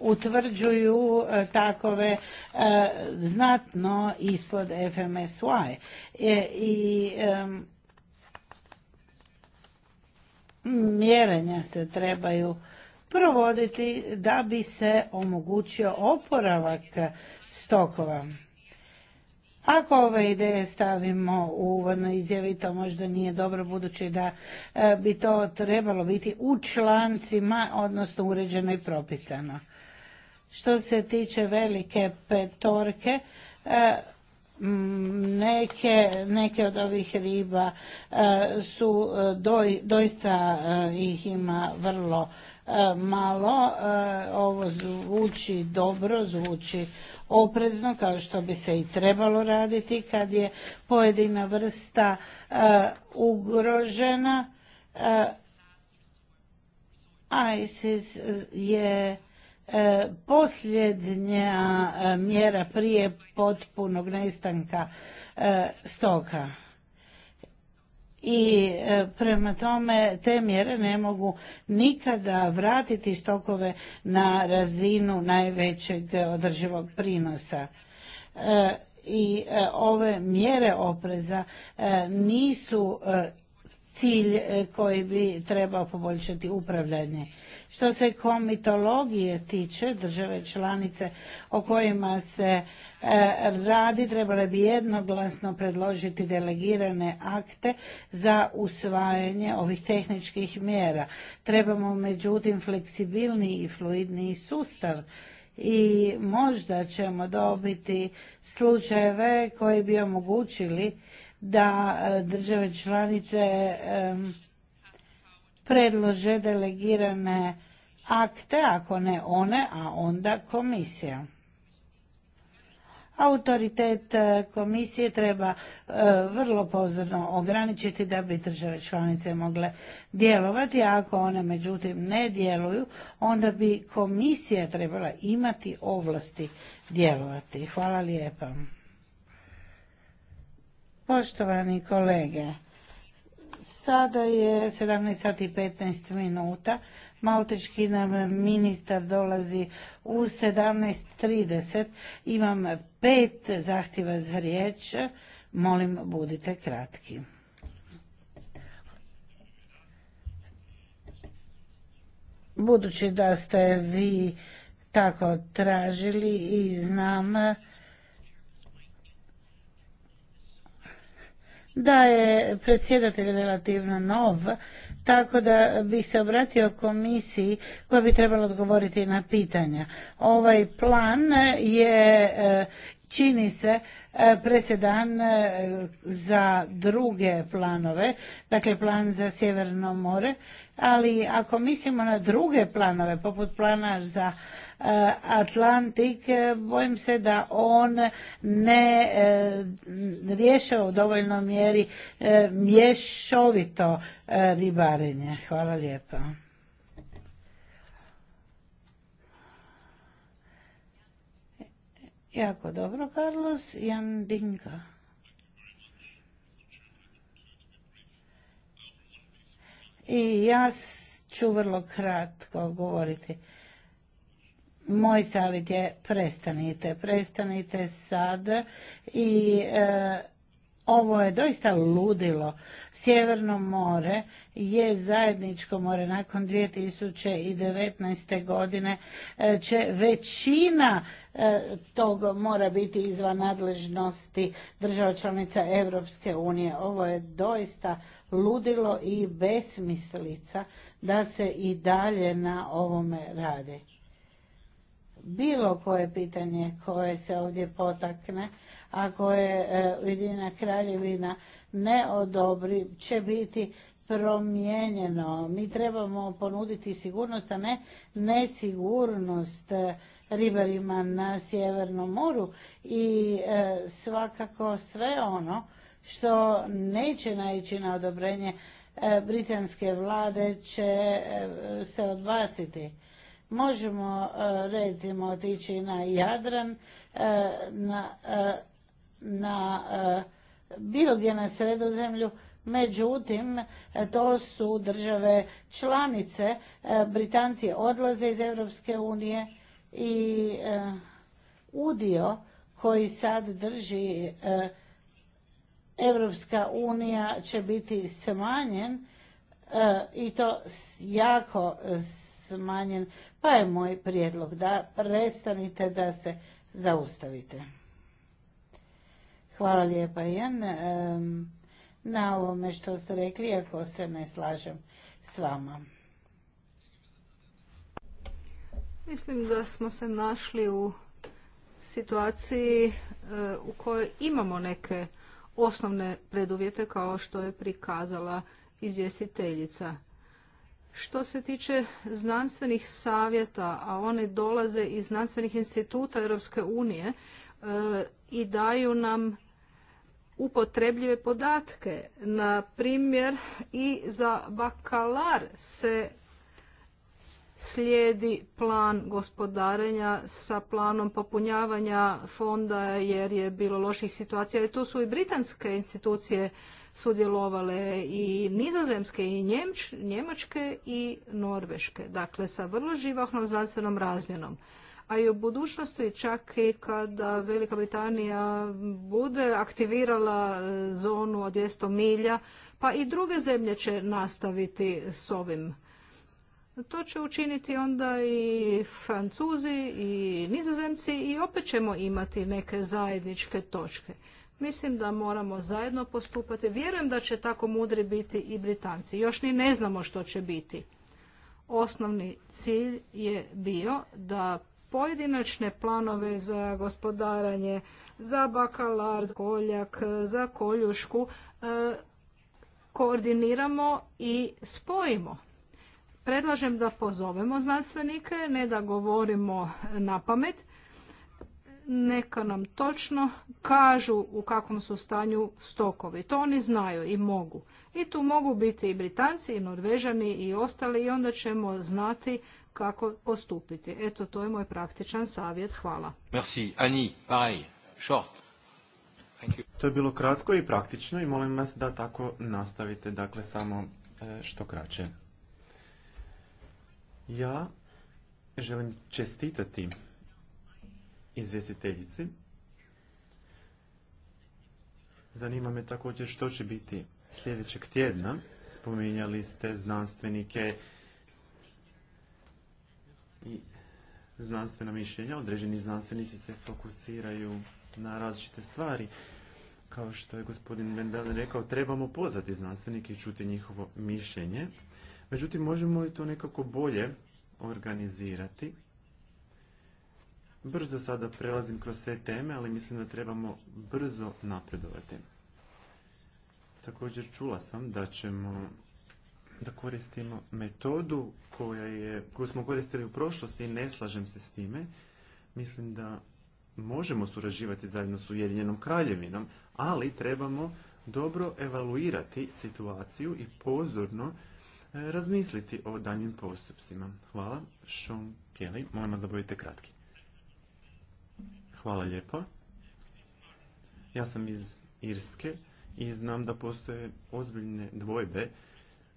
utvrđuju takove znatno ispod FMSY. I mjerenja se trebaju provoditi da bi se omogućio oporavak stokova. Ako ove ideje stavimo u uvodnoj izjavi, to možda nije dobro, budući da e, bi to trebalo biti u člancima, odnosno uređeno i propisano. Što se tiče velike petorke, e, Neke, neke od ovih riba e, su doista ih ima vrlo malo. Ovo zvuči dobro, zvuči oprezno kao što bi se i trebalo raditi kad je pojedina vrsta eh, ugrožena. Eh, ISIS je eh, posljednja mjera prije potpunog nestanka stoka i e, prema tome te mjere ne mogu nikada vratiti stokove na razinu najvećeg održivog prinosa e, i e, ove mjere opreza nisu cilj koji bi trebao poboljšati upravljanje. Što se komitologije tiče, države članice o kojima se E, radi, trebale bi jednoglasno predložiti delegirane akte za usvajanje ovih tehničkih mjera. Trebamo međutim fleksibilni i fluidniji sustav i možda ćemo dobiti slučajeve koji bi omogućili da e, države članice e, predlože delegirane akte, ako ne one, a onda komisija autoritet e, komisije treba e, vrlo pozorno ograničiti da bi države članice mogle djelovati, a ako one međutim ne djeluju, onda bi komisija trebala imati ovlasti djelovati. Hvala lijepa. Poštovani kolege, sada je 17 sati 15 minuta. Malteški nam ministar dolazi u 17.30. Imam pet zahtjeva za riječ. Molim, budite kratki. Budući da ste vi tako tražili i znam da je predsjedatelj relativno nov tako da bih se obratio komisiji koja bi trebala odgovoriti na pitanja. Ovaj plan je, e, čini se, e, presedan e, za druge planove, dakle plan za Sjeverno more, ali ako mislimo na druge planove, poput plana za Eh, Atlantik, eh, bojim se da on ne eh, rješava u dovoljnoj mjeri mješovito ribarenje. Hvala lijepa. Jako dobro, Carlos. Jan Dinka. I ja ću vrlo kratko govoriti moj savjet je prestanite, prestanite sad i e, ovo je doista ludilo. Sjeverno more je zajedničko more nakon 2019. godine e, će većina e, tog mora biti izvan nadležnosti država članica Europske unije. Ovo je doista ludilo i besmislica da se i dalje na ovome radi bilo koje pitanje koje se ovdje potakne, ako je Ujedina kraljevina ne odobri, će biti promijenjeno. Mi trebamo ponuditi sigurnost, a ne nesigurnost e, ribarima na Sjevernom moru i e, svakako sve ono što neće naići na odobrenje e, britanske vlade će se odbaciti. Možemo e, recimo otići na Jadran, e, na, e, bilo gdje na sredozemlju, međutim to su države članice. Britanci odlaze iz Europske unije i udio koji sad drži Europska unija će biti smanjen i to jako smanjen pa je moj prijedlog da prestanite da se zaustavite. Hvala lijepa, Jan, na ovome što ste rekli, ako se ne slažem s vama. Mislim da smo se našli u situaciji e, u kojoj imamo neke osnovne preduvjete kao što je prikazala izvjestiteljica. Što se tiče znanstvenih savjeta, a one dolaze iz znanstvenih instituta Europske unije e, i daju nam upotrebljive podatke. Na primjer, i za bakalar se slijedi plan gospodarenja sa planom popunjavanja fonda jer je bilo loših situacija. I tu su i britanske institucije sudjelovale i nizozemske i njemačke i norveške. Dakle, sa vrlo živahnom znanstvenom razmjenom. A i u budućnosti čak i kada Velika Britanija bude aktivirala e, zonu od 200 milja, pa i druge zemlje će nastaviti s ovim. To će učiniti onda i Francuzi i Nizozemci i opet ćemo imati neke zajedničke točke. Mislim da moramo zajedno postupati. Vjerujem da će tako mudri biti i Britanci. Još ni ne znamo što će biti. Osnovni cilj je bio da pojedinačne planove za gospodaranje, za bakalar, za koljak, za koljušku e, koordiniramo i spojimo. Predlažem da pozovemo znanstvenike, ne da govorimo na pamet, neka nam točno kažu u kakvom su stanju stokovi. To oni znaju i mogu. I tu mogu biti i Britanci i Norvežani i ostali i onda ćemo znati kako postupiti. Eto, to je moj praktičan savjet. Hvala. Merci. Ani, pareil. Short. To je bilo kratko i praktično i molim vas da tako nastavite, dakle samo e, što kraće. Ja želim čestitati izvjestiteljici. Zanima me također što će biti sljedećeg tjedna. Spominjali ste znanstvenike i znanstvena mišljenja. Određeni znanstvenici se fokusiraju na različite stvari. Kao što je gospodin Bendalen rekao, trebamo pozvati znanstvenike i čuti njihovo mišljenje. Međutim, možemo li to nekako bolje organizirati? Brzo sada prelazim kroz sve teme, ali mislim da trebamo brzo napredovati. Također čula sam da ćemo da koristimo metodu koja je, koju smo koristili u prošlosti i ne slažem se s time. Mislim da možemo surađivati zajedno s Ujedinjenom kraljevinom, ali trebamo dobro evaluirati situaciju i pozorno e, razmisliti o danjim postupcima. Hvala, Sean Kelly. Molim vas da budete kratki. Hvala lijepa. Ja sam iz Irske i znam da postoje ozbiljne dvojbe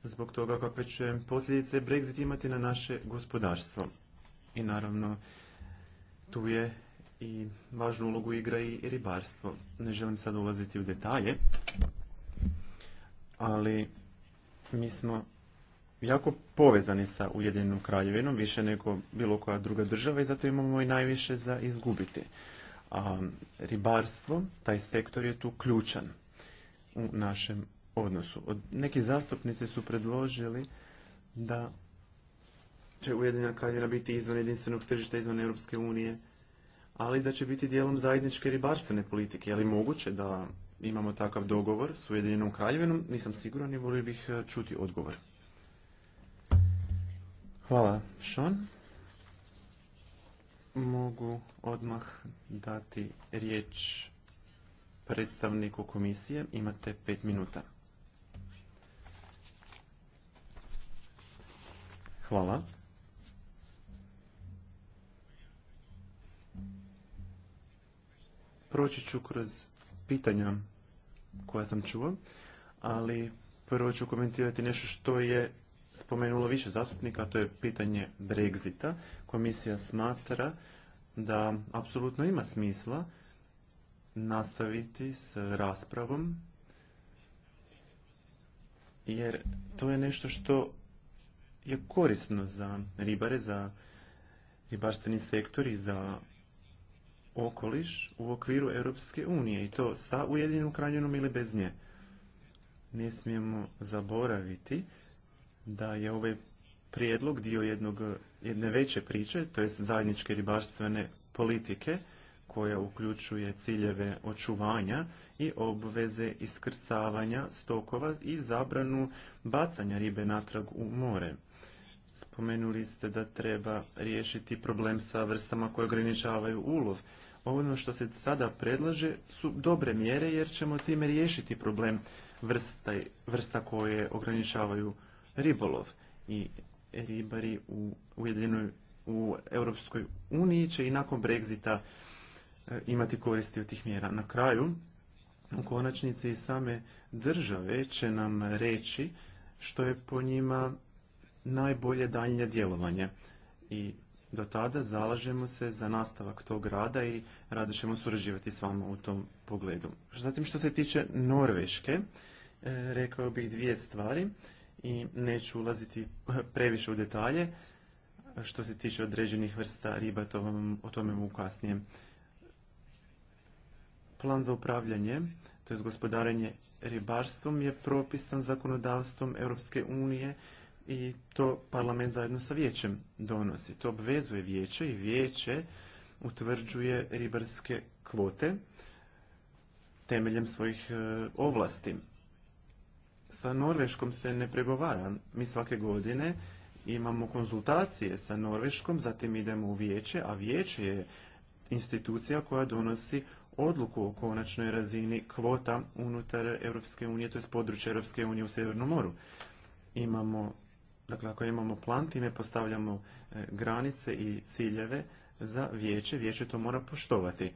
zbog toga kakve će posljedice Brexit imati na naše gospodarstvo. I naravno, tu je i važnu ulogu igra i ribarstvo. Ne želim sad ulaziti u detalje, ali mi smo jako povezani sa Ujedinjenom kraljevinom, više nego bilo koja druga država i zato imamo i najviše za izgubiti. A ribarstvo, taj sektor je tu ključan u našem odnosu. neki zastupnici su predložili da će Ujedinjena kraljevina biti izvan jedinstvenog tržišta, izvan Europske unije, ali da će biti dijelom zajedničke ribarstvene politike. Je li moguće da imamo takav dogovor s Ujedinjenom kraljevinom? Nisam siguran i volio bih e, čuti odgovor. Hvala, Sean mogu odmah dati riječ predstavniku komisije. Imate pet minuta. Hvala. Proći ću kroz pitanja koja sam čuo, ali prvo ću komentirati nešto što je spomenulo više zastupnika, a to je pitanje Brexita komisija smatra da apsolutno ima smisla nastaviti s raspravom jer to je nešto što je korisno za ribare, za ribarstveni sektor i za okoliš u okviru Europske unije i to sa Ujedinjenom kraljevinom ili bez nje. Ne smijemo zaboraviti da je ovaj prijedlog, dio jednog, jedne veće priče, to jest zajedničke ribarstvene politike, koja uključuje ciljeve očuvanja i obveze iskrcavanja stokova i zabranu bacanja ribe natrag u more. Spomenuli ste da treba riješiti problem sa vrstama koje ograničavaju ulov. Ono što se sada predlaže su dobre mjere jer ćemo time riješiti problem vrsta, vrsta koje ograničavaju ribolov. I ribari u Ujedinjenoj u Europskoj uniji će i nakon Brexita e, imati koristi od tih mjera. Na kraju, u konačnici same države će nam reći što je po njima najbolje daljnje djelovanje. I do tada zalažemo se za nastavak tog rada i rado ćemo surađivati s vama u tom pogledu. Zatim što se tiče Norveške, e, rekao bih dvije stvari i neću ulaziti previše u detalje. Što se tiče određenih vrsta riba, to vam, o tome mogu kasnije. Plan za upravljanje, to je gospodarenje ribarstvom, je propisan zakonodavstvom Europske unije i to parlament zajedno sa vijećem donosi. To obvezuje vijeće i vijeće utvrđuje ribarske kvote temeljem svojih e, ovlasti. Sa Norveškom se ne pregovara. Mi svake godine imamo konzultacije sa Norveškom, zatim idemo u vijeće, a vijeće je institucija koja donosi odluku o konačnoj razini kvota unutar Europske unije, to je područje Europske unije u Sjevernom moru. Imamo, dakle ako imamo plan, time postavljamo e, granice i ciljeve za vijeće, vijeće to mora poštovati.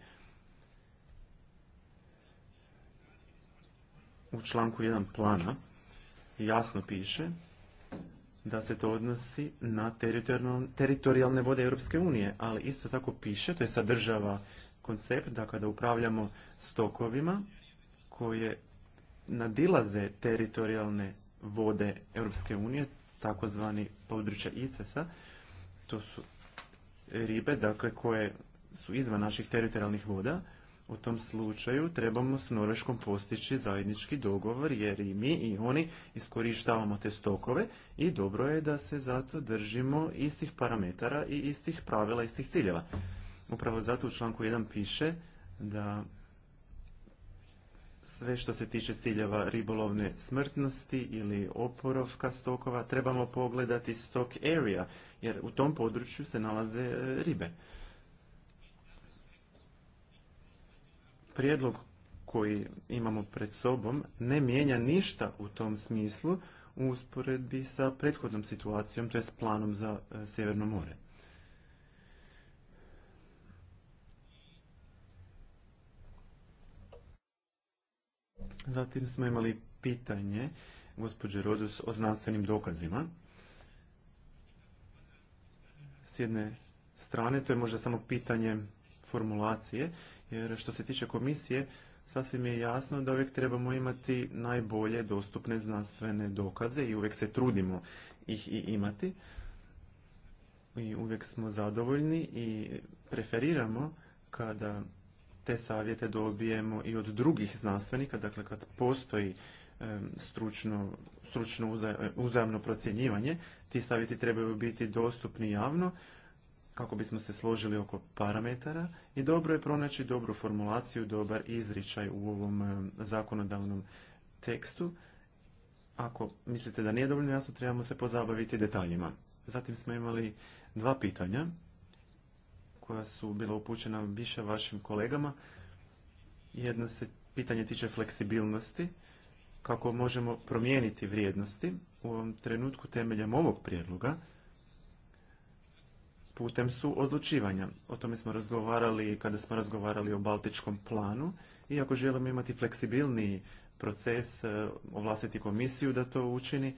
u članku jedan plana jasno piše da se to odnosi na teritorijalne vode Europske unije, ali isto tako piše, to je sadržava koncept da kada upravljamo stokovima koje nadilaze teritorijalne vode Europske unije, takozvani područja ICES-a, to su ribe dakle, koje su izvan naših teritorijalnih voda, u tom slučaju trebamo s Norveškom postići zajednički dogovor jer i mi i oni iskorištavamo te stokove i dobro je da se zato držimo istih parametara i istih pravila, istih ciljeva. Upravo zato u članku 1 piše da sve što se tiče ciljeva ribolovne smrtnosti ili oporovka stokova trebamo pogledati stock area jer u tom području se nalaze ribe. prijedlog koji imamo pred sobom ne mijenja ništa u tom smislu u usporedbi sa prethodnom situacijom, to je s planom za e, Sjeverno more. Zatim smo imali pitanje gospođe Rodus o znanstvenim dokazima. S jedne strane, to je možda samo pitanje formulacije, jer što se tiče komisije, sasvim je jasno da uvijek trebamo imati najbolje dostupne znanstvene dokaze i uvijek se trudimo ih i imati. I uvijek smo zadovoljni i preferiramo kada te savjete dobijemo i od drugih znanstvenika, dakle kad postoji stručno, stručno uzajamno procjenjivanje, ti savjeti trebaju biti dostupni javno, kako bismo se složili oko parametara i dobro je pronaći dobru formulaciju, dobar izričaj u ovom e, zakonodavnom tekstu. Ako mislite da nije dovoljno jasno, trebamo se pozabaviti detaljima. Zatim smo imali dva pitanja koja su bila upućena više vašim kolegama. Jedno se pitanje tiče fleksibilnosti, kako možemo promijeniti vrijednosti u ovom trenutku temeljem ovog prijedloga putem su odlučivanja. O tome smo razgovarali kada smo razgovarali o Baltičkom planu i ako želimo imati fleksibilniji proces, e, ovlastiti komisiju da to učini,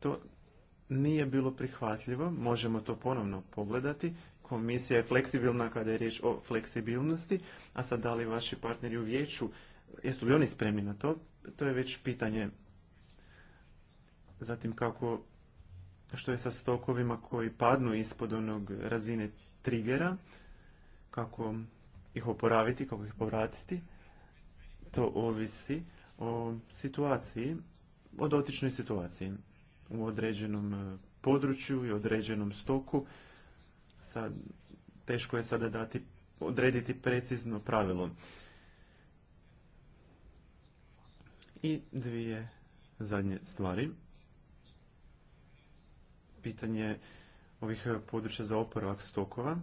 to nije bilo prihvatljivo. Možemo to ponovno pogledati. Komisija je fleksibilna kada je riječ o fleksibilnosti, a sad da li vaši partneri u vijeću, jesu li oni spremni na to, to je već pitanje. Zatim kako što je sa stokovima koji padnu ispod onog razine trigera, kako ih oporaviti, kako ih povratiti. To ovisi o situaciji, o dotičnoj situaciji u određenom e, području i određenom stoku. Sad, teško je sada dati, odrediti precizno pravilo. I dvije zadnje stvari pitanje ovih e, područja za oporavak stokova.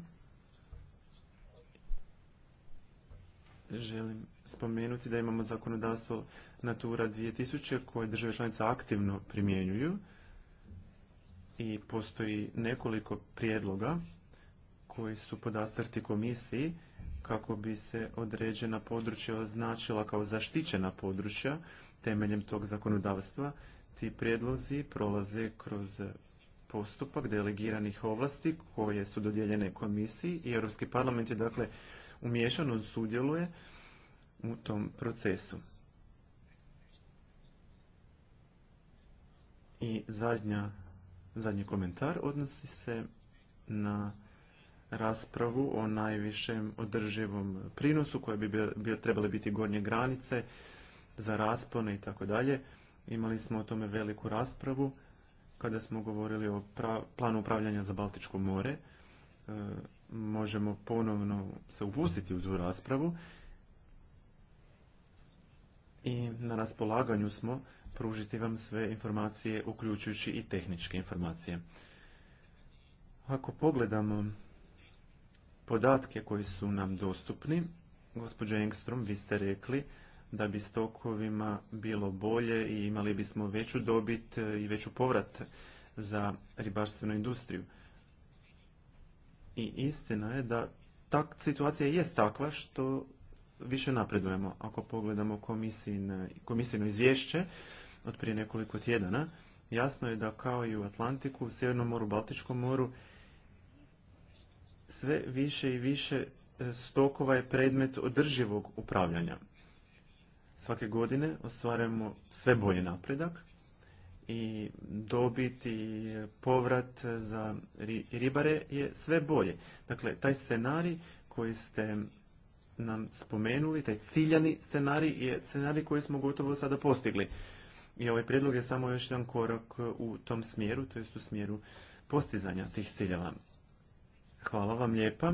Želim spomenuti da imamo zakonodavstvo Natura 2000 koje države članice aktivno primjenjuju i postoji nekoliko prijedloga koji su podastrti komisiji kako bi se određena područja označila kao zaštićena područja temeljem tog zakonodavstva. Ti prijedlozi prolaze kroz postupak delegiranih ovlasti koje su dodijeljene komisiji i Europski parlament je dakle umješano sudjeluje u tom procesu. I zadnja, zadnji komentar odnosi se na raspravu o najvišem održivom prinosu koje bi trebale biti gornje granice za raspone i tako dalje. Imali smo o tome veliku raspravu kada smo govorili o planu upravljanja za Baltičko more. E, možemo ponovno se upustiti u tu raspravu i na raspolaganju smo pružiti vam sve informacije, uključujući i tehničke informacije. Ako pogledamo podatke koji su nam dostupni, gospođo Engstrom, vi ste rekli da bi stokovima bilo bolje i imali bismo veću dobit i veću povrat za ribarstvenu industriju. I istina je da ta situacija jest takva što više napredujemo. Ako pogledamo komisijno, izvješće od prije nekoliko tjedana, jasno je da kao i u Atlantiku, u Sjevernom moru, Baltičkom moru, sve više i više stokova je predmet održivog upravljanja. Svake godine ostvarujemo sve bolji napredak i dobiti povrat za ribare je sve bolje. Dakle, taj scenarij koji ste nam spomenuli, taj ciljani scenarij je scenarij koji smo gotovo sada postigli. I ovaj prijedlog je samo još jedan korak u tom smjeru, to jest u smjeru postizanja tih ciljeva. Hvala vam lijepa.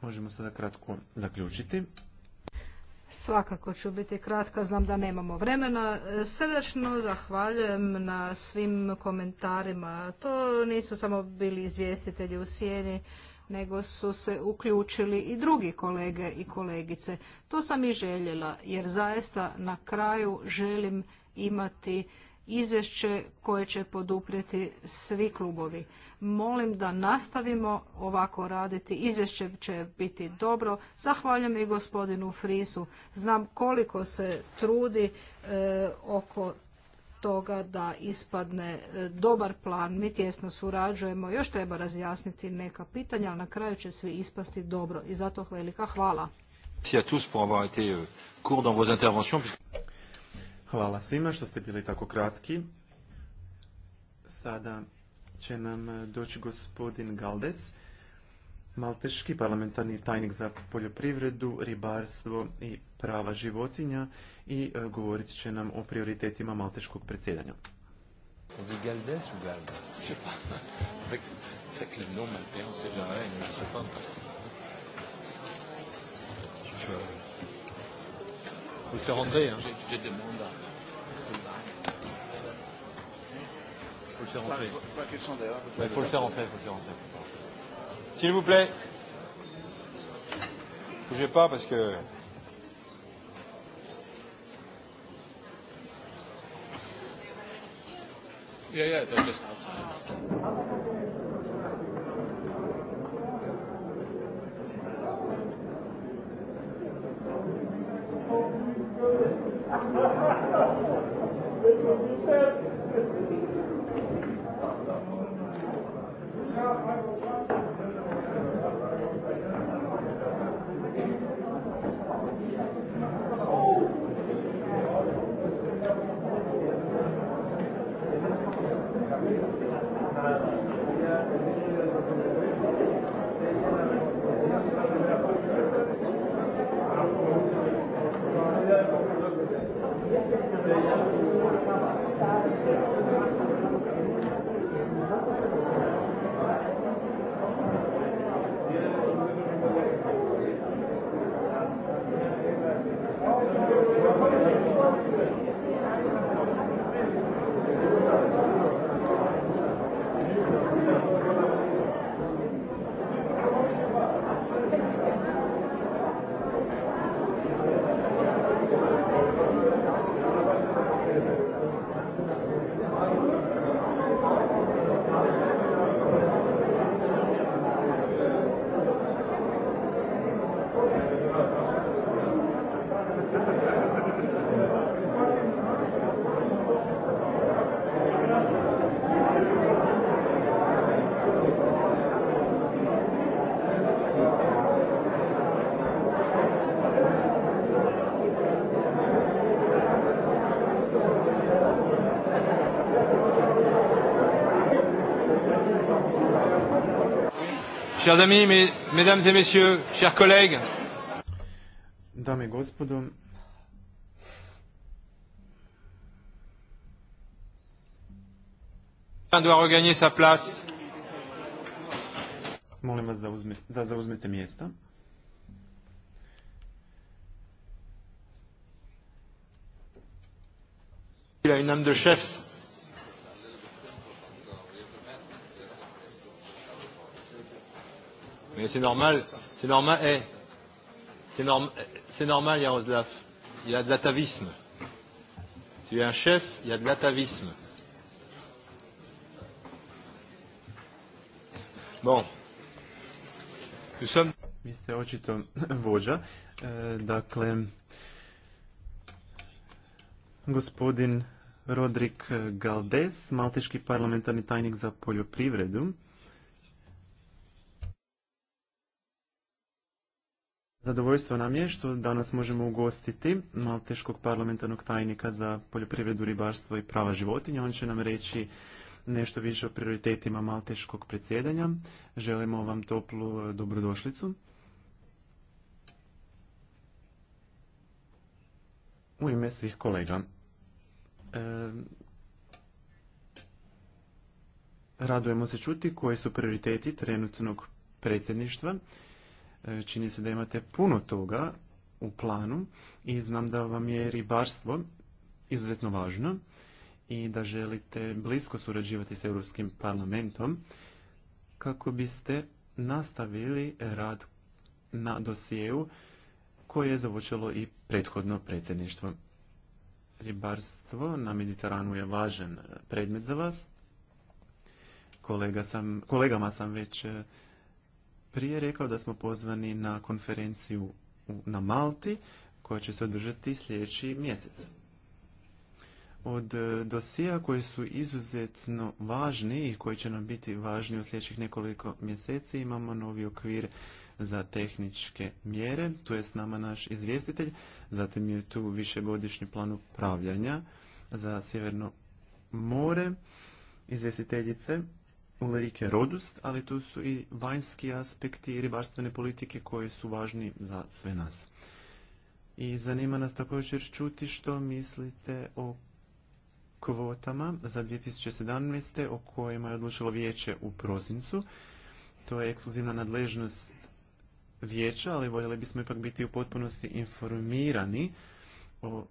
Možemo sada kratko zaključiti. Svakako ću biti kratka, znam da nemamo vremena. Srdačno zahvaljujem na svim komentarima. To nisu samo bili izvjestitelji u sjeni, nego su se uključili i drugi kolege i kolegice. To sam i željela, jer zaista na kraju želim imati izvješće koje će poduprijeti svi klubovi. Molim da nastavimo ovako raditi. Izvješće će biti dobro. Zahvaljujem i gospodinu Frisu. Znam koliko se trudi e, oko toga da ispadne e, dobar plan. Mi tjesno surađujemo. Još treba razjasniti neka pitanja, ali na kraju će svi ispasti dobro. I zato velika hvala. Hvala svima što ste bili tako kratki. Sada će nam doći gospodin Galdes, malteški parlamentarni tajnik za poljoprivredu, ribarstvo i prava životinja i e, govorit će nam o prioritetima malteškog predsjedanja. Galdes Vous le faire rentrer. Hein. Je, je demande. Faut le faire rentrer. Il faut le faire rentrer. Il Faut le faire rentrer. S'il vous plaît. Bougez pas parce que. Yeah, yeah, that's just outside. This you Chers amis, mes, mesdames et messieurs, chers collègues. Dame i gospodo, doit regagner sa place. Molim vas da, uzme, da zauzmete mjesta. Il a une âme de chef. Mais c'est normal, c'est normal, hey, eh, c'est norm, eh, normal, Yaroslav. Il y a de l'atavisme. Tu es un chef, il y a de l'atavisme. Bon. Nous sommes... Vi ste očito vođa. E, dakle, gospodin Rodrik Galdes, malteški parlamentarni tajnik za poljoprivredu. Zadovoljstvo nam je što danas možemo ugostiti malteškog parlamentarnog tajnika za poljoprivredu, ribarstvo i prava životinja. On će nam reći nešto više o prioritetima malteškog predsjedanja. Želimo vam toplu e, dobrodošlicu. U ime svih kolega. E, radujemo se čuti koji su prioriteti trenutnog predsjedništva E, čini se da imate puno toga u planu i znam da vam je ribarstvo izuzetno važno i da želite blisko surađivati s Europskim parlamentom kako biste nastavili rad na dosjeu koje je započelo i prethodno predsjedništvo. Ribarstvo na Mediteranu je važan predmet za vas. Kolega sam, kolegama sam već prije rekao da smo pozvani na konferenciju na Malti koja će se održati sljedeći mjesec. Od e, dosija koji su izuzetno važni i koji će nam biti važni u sljedećih nekoliko mjeseci imamo novi okvir za tehničke mjere. Tu je s nama naš izvjestitelj, zatim je tu višegodišnji plan upravljanja za Sjeverno more. Izvjestiteljice Ulrike Rodust, ali tu su i vanjski aspekti ribarstvene politike koji su važni za sve nas. I zanima nas također čuti što mislite o kvotama za 2017. o kojima je odlučilo vijeće u prosincu. To je ekskluzivna nadležnost vijeća, ali voljeli bismo ipak biti u potpunosti informirani o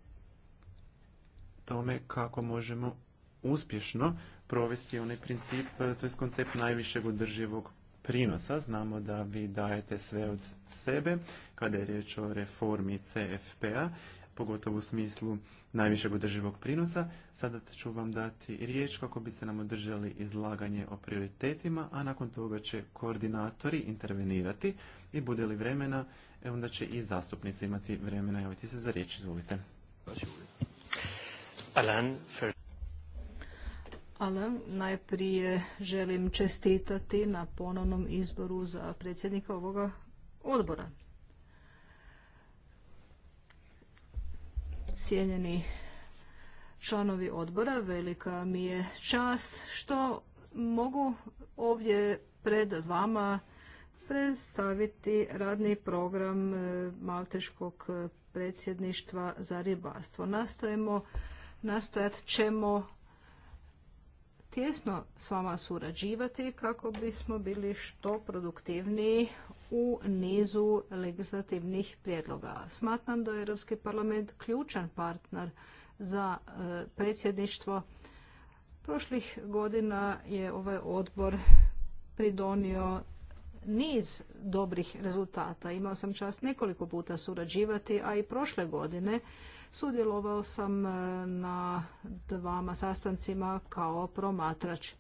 tome kako možemo uspješno provesti onaj princip, e, to je koncept najvišeg održivog prinosa. Znamo da vi dajete sve od sebe kada je riječ o reformi CFP-a, pogotovo u smislu najvišeg održivog prinosa. Sada ću vam dati riječ kako biste nam održali izlaganje o prioritetima, a nakon toga će koordinatori intervenirati i bude li vremena, e, onda će i zastupnici imati vremena javiti se za riječ. Izvolite. Alan, hvala najprije želim čestitati na ponovnom izboru za predsjednika ovoga odbora. Cijenjeni članovi odbora, velika mi je čast što mogu ovdje pred vama predstaviti radni program e, Malteškog predsjedništva za ribarstvo. Nastojemo, nastojat ćemo tjesno s vama surađivati kako bismo bili što produktivniji u nizu legislativnih prijedloga. Smatram da je Europski parlament ključan partner za e, predsjedništvo. Prošlih godina je ovaj odbor pridonio niz dobrih rezultata. Imao sam čast nekoliko puta surađivati, a i prošle godine Sudjelovao sam e, na dvama sastancima kao promatrač.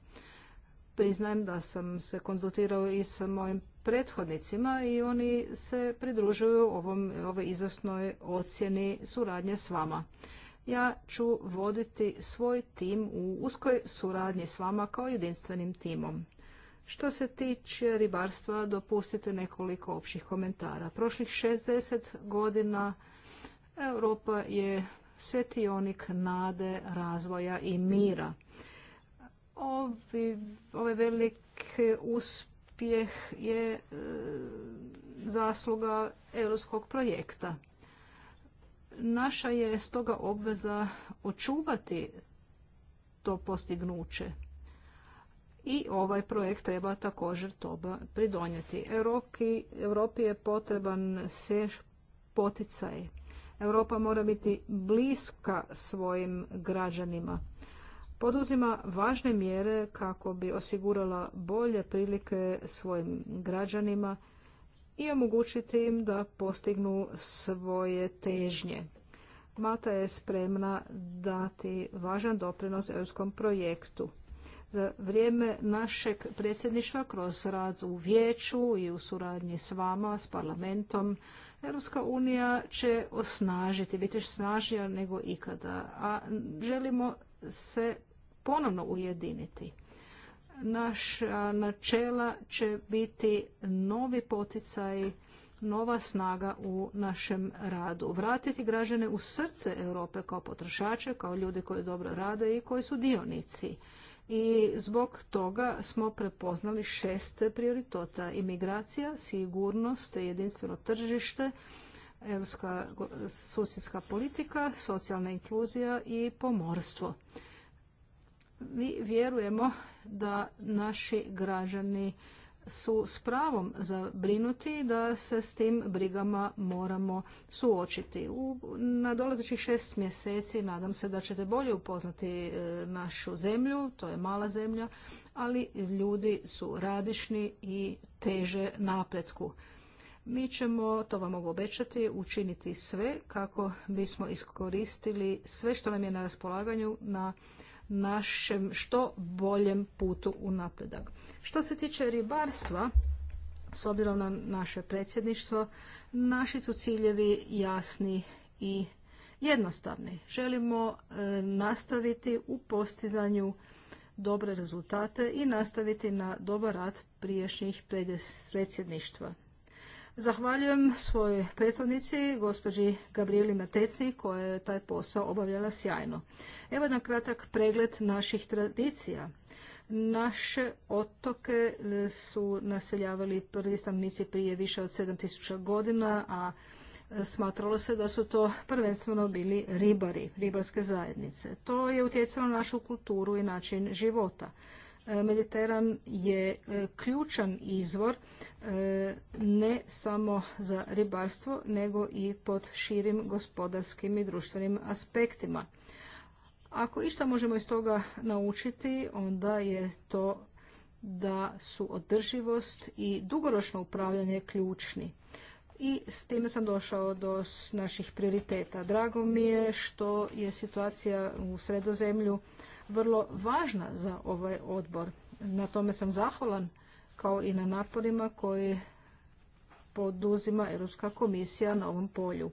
Priznajem da sam se konzultirao i sa mojim prethodnicima i oni se pridružuju ovom, ovoj izvrsnoj ocjeni suradnje s vama. Ja ću voditi svoj tim u uskoj suradnji s vama kao jedinstvenim timom. Što se tiče ribarstva, dopustite nekoliko općih komentara. Prošlih 60 godina Europa je svetionik nade, razvoja i mira. Ovi, ovaj veliki uspjeh je e, zasluga europskog projekta. Naša je stoga obveza očuvati to postignuće. I ovaj projekt treba također toba pridonijeti. Europi je potreban svjež poticaj Europa mora biti bliska svojim građanima. Poduzima važne mjere kako bi osigurala bolje prilike svojim građanima i omogućiti im da postignu svoje težnje. Mata je spremna dati važan doprinos europskom projektu. Za vrijeme našeg predsjedništva kroz rad u vijeću i u suradnji s vama, s parlamentom, Europska unija će osnažiti, biti snažija nego ikada, a želimo se ponovno ujediniti. Naša načela će biti novi poticaj, nova snaga u našem radu. Vratiti građane u srce Europe kao potrošače, kao ljudi koji dobro rade i koji su dionici i zbog toga smo prepoznali šest prioritota. Imigracija, sigurnost, jedinstveno tržište, europska susjedska politika, socijalna inkluzija i pomorstvo. Mi vjerujemo da naši građani su s pravom zabrinuti da se s tim brigama moramo suočiti. U nadolazećih šest mjeseci nadam se da ćete bolje upoznati e, našu zemlju, to je mala zemlja, ali ljudi su radišni i teže napretku. Mi ćemo, to vam mogu obećati, učiniti sve kako bismo iskoristili sve što nam je na raspolaganju na našem što boljem putu u napredak. Što se tiče ribarstva, s obzirom na naše predsjedništvo, naši su ciljevi jasni i jednostavni. Želimo e, nastaviti u postizanju dobre rezultate i nastaviti na dobar rad priješnjih predsjedništva. Zahvaljujem svojoj prethodnici, gospođi Gabrieli Mateci, koja je taj posao obavljala sjajno. Evo jedan kratak pregled naših tradicija. Naše otoke e, su naseljavali prvi stanovnici prije više od 7000 godina, a e, smatralo se da su to prvenstveno bili ribari, ribarske zajednice. To je utjecalo na našu kulturu i način života. Mediteran je e, ključan izvor e, ne samo za ribarstvo, nego i pod širim gospodarskim i društvenim aspektima. Ako išta možemo iz toga naučiti, onda je to da su održivost i dugoročno upravljanje ključni. I s time sam došao do naših prioriteta. Drago mi je što je situacija u sredozemlju vrlo važna za ovaj odbor. Na tome sam zahvalan kao i na naporima koje poduzima Europska komisija na ovom polju.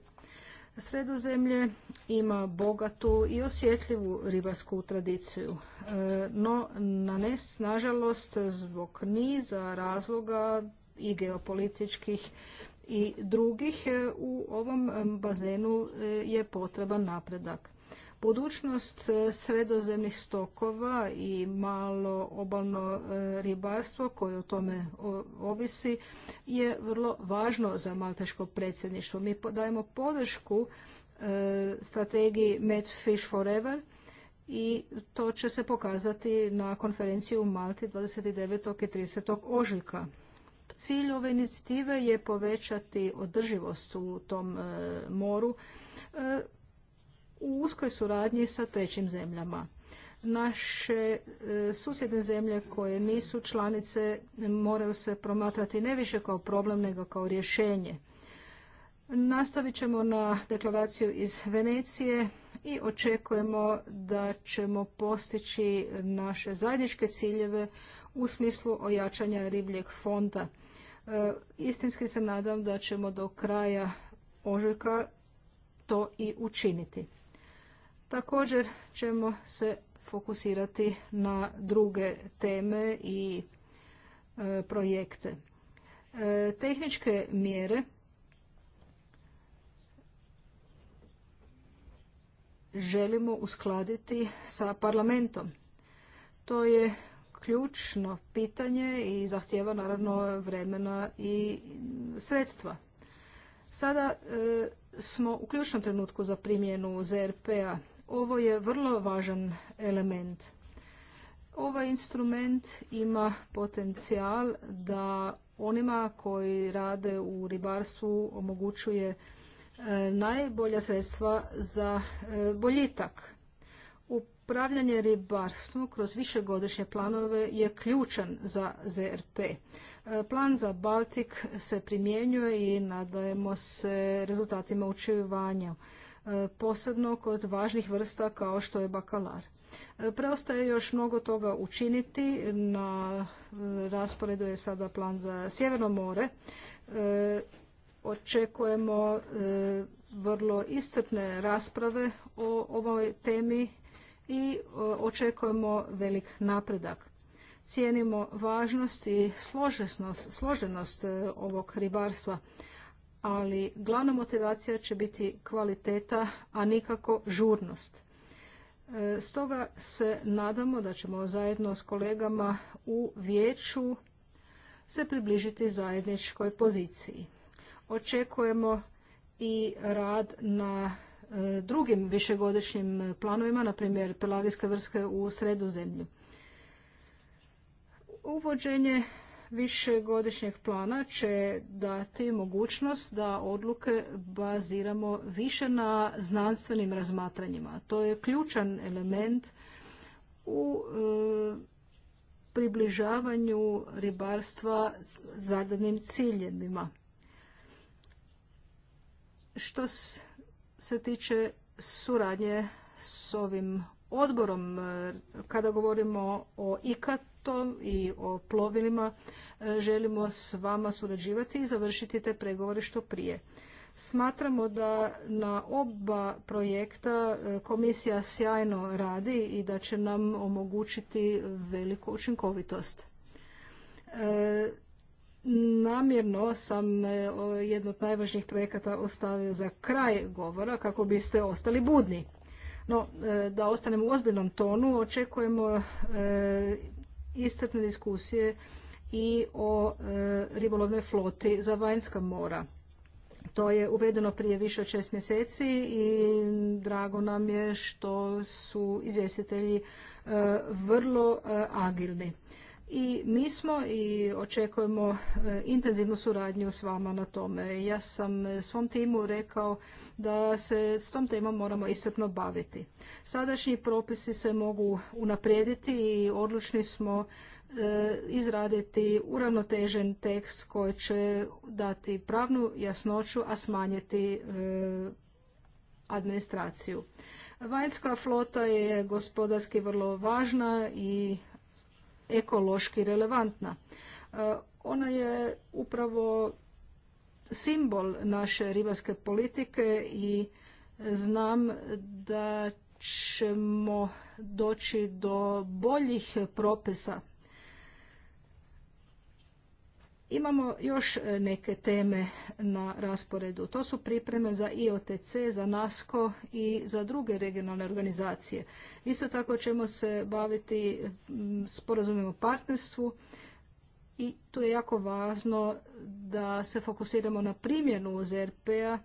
Sredozemlje ima bogatu i osjetljivu ribarsku tradiciju, e, no na nes, nažalost, zbog niza razloga i geopolitičkih i drugih e, u ovom bazenu e, je potreban napredak. Budućnost e, sredozemnih stokova i malo obalno e, ribarstvo koje o tome ovisi je vrlo važno za malteško predsjedništvo. Mi dajemo podršku e, strategiji Met Fish Forever i to će se pokazati na konferenciji u Malti 29. i 30. ožujka. Cilj ove inicijative je povećati održivost u tom moru u uskoj suradnji sa trećim zemljama. Naše e, susjedne zemlje koje nisu članice moraju se promatrati ne više kao problem nego kao rješenje. Nastavit ćemo na deklaraciju iz Venecije i očekujemo da ćemo postići naše zajedničke ciljeve u smislu ojačanja ribljeg fonda. E, istinski se nadam da ćemo do kraja ožujka to i učiniti. Također ćemo se fokusirati na druge teme i e, projekte. E, tehničke mjere želimo uskladiti sa parlamentom. To je ključno pitanje i zahtjeva naravno vremena i sredstva. Sada e, smo u ključnom trenutku za primjenu ZRP-a ovo je vrlo važan element. Ovaj instrument ima potencijal da onima koji rade u ribarstvu omogućuje e, najbolja sredstva za e, boljitak. Upravljanje ribarstvom kroz višegodišnje planove je ključan za ZRP. E, plan za Baltik se primjenjuje i nadajemo se rezultatima učivanja. E, posebno kod važnih vrsta kao što je bakalar. E, preostaje još mnogo toga učiniti. Na e, rasporedu je sada plan za Sjeverno more. Očekujemo vrlo iscrpne rasprave o ovoj temi i očekujemo velik napredak. Cijenimo važnost i složenost, složenost ovog ribarstva ali glavna motivacija će biti kvaliteta, a nikako žurnost. E, stoga se nadamo da ćemo zajedno s kolegama u vijeću se približiti zajedničkoj poziciji. Očekujemo i rad na e, drugim višegodišnjim planovima, na primjer pelagijske vrske u sredozemlju. Uvođenje višegodišnjeg plana će dati mogućnost da odluke baziramo više na znanstvenim razmatranjima. To je ključan element u e, približavanju ribarstva zadanim ciljevima. Što se tiče suradnje s ovim odborom, e, kada govorimo o IKAT, i o plovilima e, želimo s vama surađivati i završiti te pregovore što prije. Smatramo da na oba projekta e, komisija sjajno radi i da će nam omogućiti veliku učinkovitost. E, namjerno sam jedno od najvažnijih projekata ostavio za kraj govora kako biste ostali budni. No, da ostanemo u ozbiljnom tonu, očekujemo iscrpne diskusije i o e, ribolovnoj floti za vanjska mora. To je uvedeno prije više od šest mjeseci i drago nam je što su izvjestitelji e, vrlo e, agilni i mi smo i očekujemo e, intenzivnu suradnju s vama na tome. Ja sam svom timu rekao da se s tom temom moramo iscrpno baviti. Sadašnji propisi se mogu unaprijediti i odlučni smo e, izraditi uravnotežen tekst koji će dati pravnu jasnoću, a smanjiti e, administraciju. Vanjska flota je gospodarski vrlo važna i ekološki relevantna. E, ona je upravo simbol naše ribarske politike i znam da ćemo doći do boljih propisa Imamo još e, neke teme na rasporedu. To su pripreme za IOTC, za NASCO i za druge regionalne organizacije. Isto tako ćemo se baviti sporazumom o partnerstvu i tu je jako važno da se fokusiramo na primjenu ZRP-a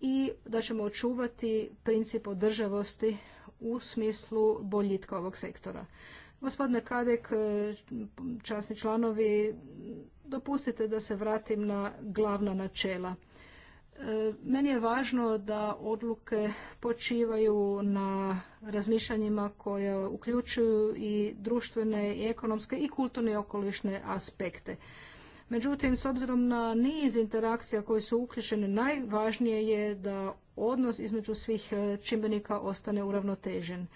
i da ćemo očuvati princip održavosti u smislu boljitka ovog sektora. Gospodine Kadek, e, časni članovi, Dopustite da se vratim na glavna načela. E, meni je važno da odluke počivaju na razmišljanjima koje uključuju i društvene, i ekonomske, i kulturne i okolišne aspekte. Međutim, s obzirom na niz interakcija koje su uključene, najvažnije je da odnos između svih čimbenika ostane uravnotežen.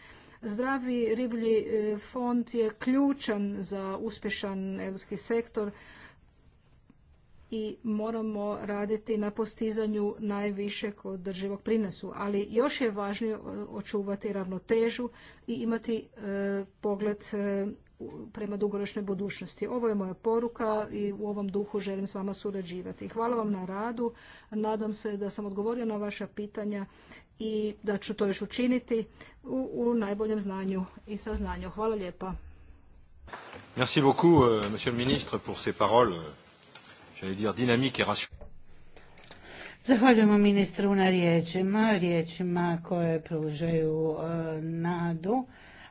Zdravi riblji e, fond je ključan za uspješan europski sektor, i moramo raditi na postizanju najvišeg održivog prinosu. Ali još je važnije očuvati ravnotežu i imati e, pogled e, prema dugoročnoj budućnosti. Ovo je moja poruka i u ovom duhu želim s vama surađivati. Hvala vam na radu. Nadam se da sam odgovorio na vaša pitanja i da ću to još učiniti u, u najboljem znanju i saznanju. Hvala lijepa. Merci beaucoup, euh, monsieur le ministre, pour euh, j'allais dire, dynamique et rassurante. Zahvaljujemo ministru na riječima, riječima koje pružaju e, nadu.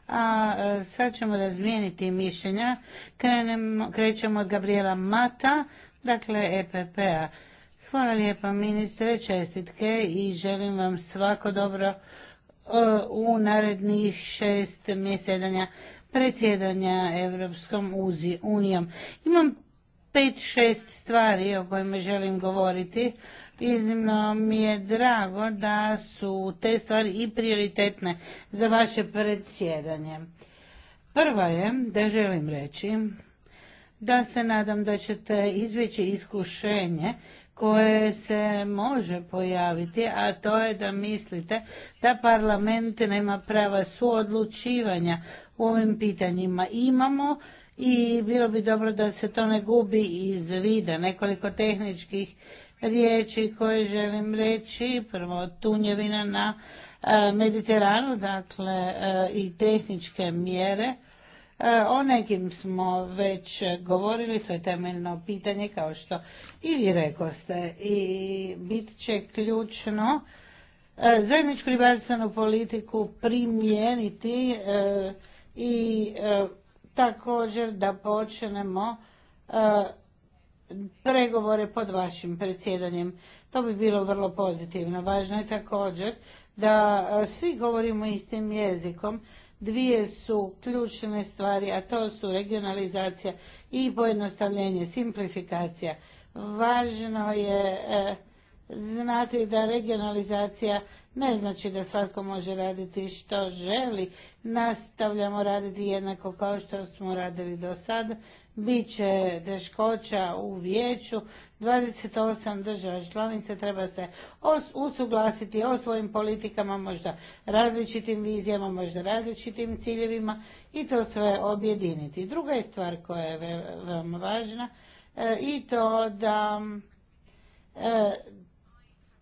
A e, sad ćemo razmijeniti mišljenja. Krenem, krećemo od Gabriela Mata, dakle EPP-a. Hvala lijepa ministre, čestitke i želim vam svako dobro e, u narednih šest mjesedanja predsjedanja Evropskom unijom. Imam pet, šest stvari o kojima želim govoriti. Iznimno mi je drago da su te stvari i prioritetne za vaše predsjedanje. Prva je da želim reći da se nadam da ćete izbjeći iskušenje koje se može pojaviti, a to je da mislite da parlament nema prava suodlučivanja u ovim pitanjima. Imamo i bilo bi dobro da se to ne gubi iz vida. Nekoliko tehničkih riječi koje želim reći, prvo tunjevina na e, Mediteranu, dakle e, i tehničke mjere. E, o nekim smo već govorili, to je temeljno pitanje kao što i vi ste. i bit će ključno zajedničku ribarstvenu politiku primijeniti i također da počnemo e, pregovore pod vašim predsjedanjem. To bi bilo vrlo pozitivno. Važno je također da e, svi govorimo istim jezikom. Dvije su ključne stvari, a to su regionalizacija i pojednostavljenje, simplifikacija. Važno je e, znati da regionalizacija ne znači da svatko može raditi što želi. Nastavljamo raditi jednako kao što smo radili do sada. Biće teškoća u vijeću. 28 država članice treba se usuglasiti o svojim politikama, možda različitim vizijama, možda različitim ciljevima i to sve objediniti. Druga je stvar koja je veoma važna e, i to da e,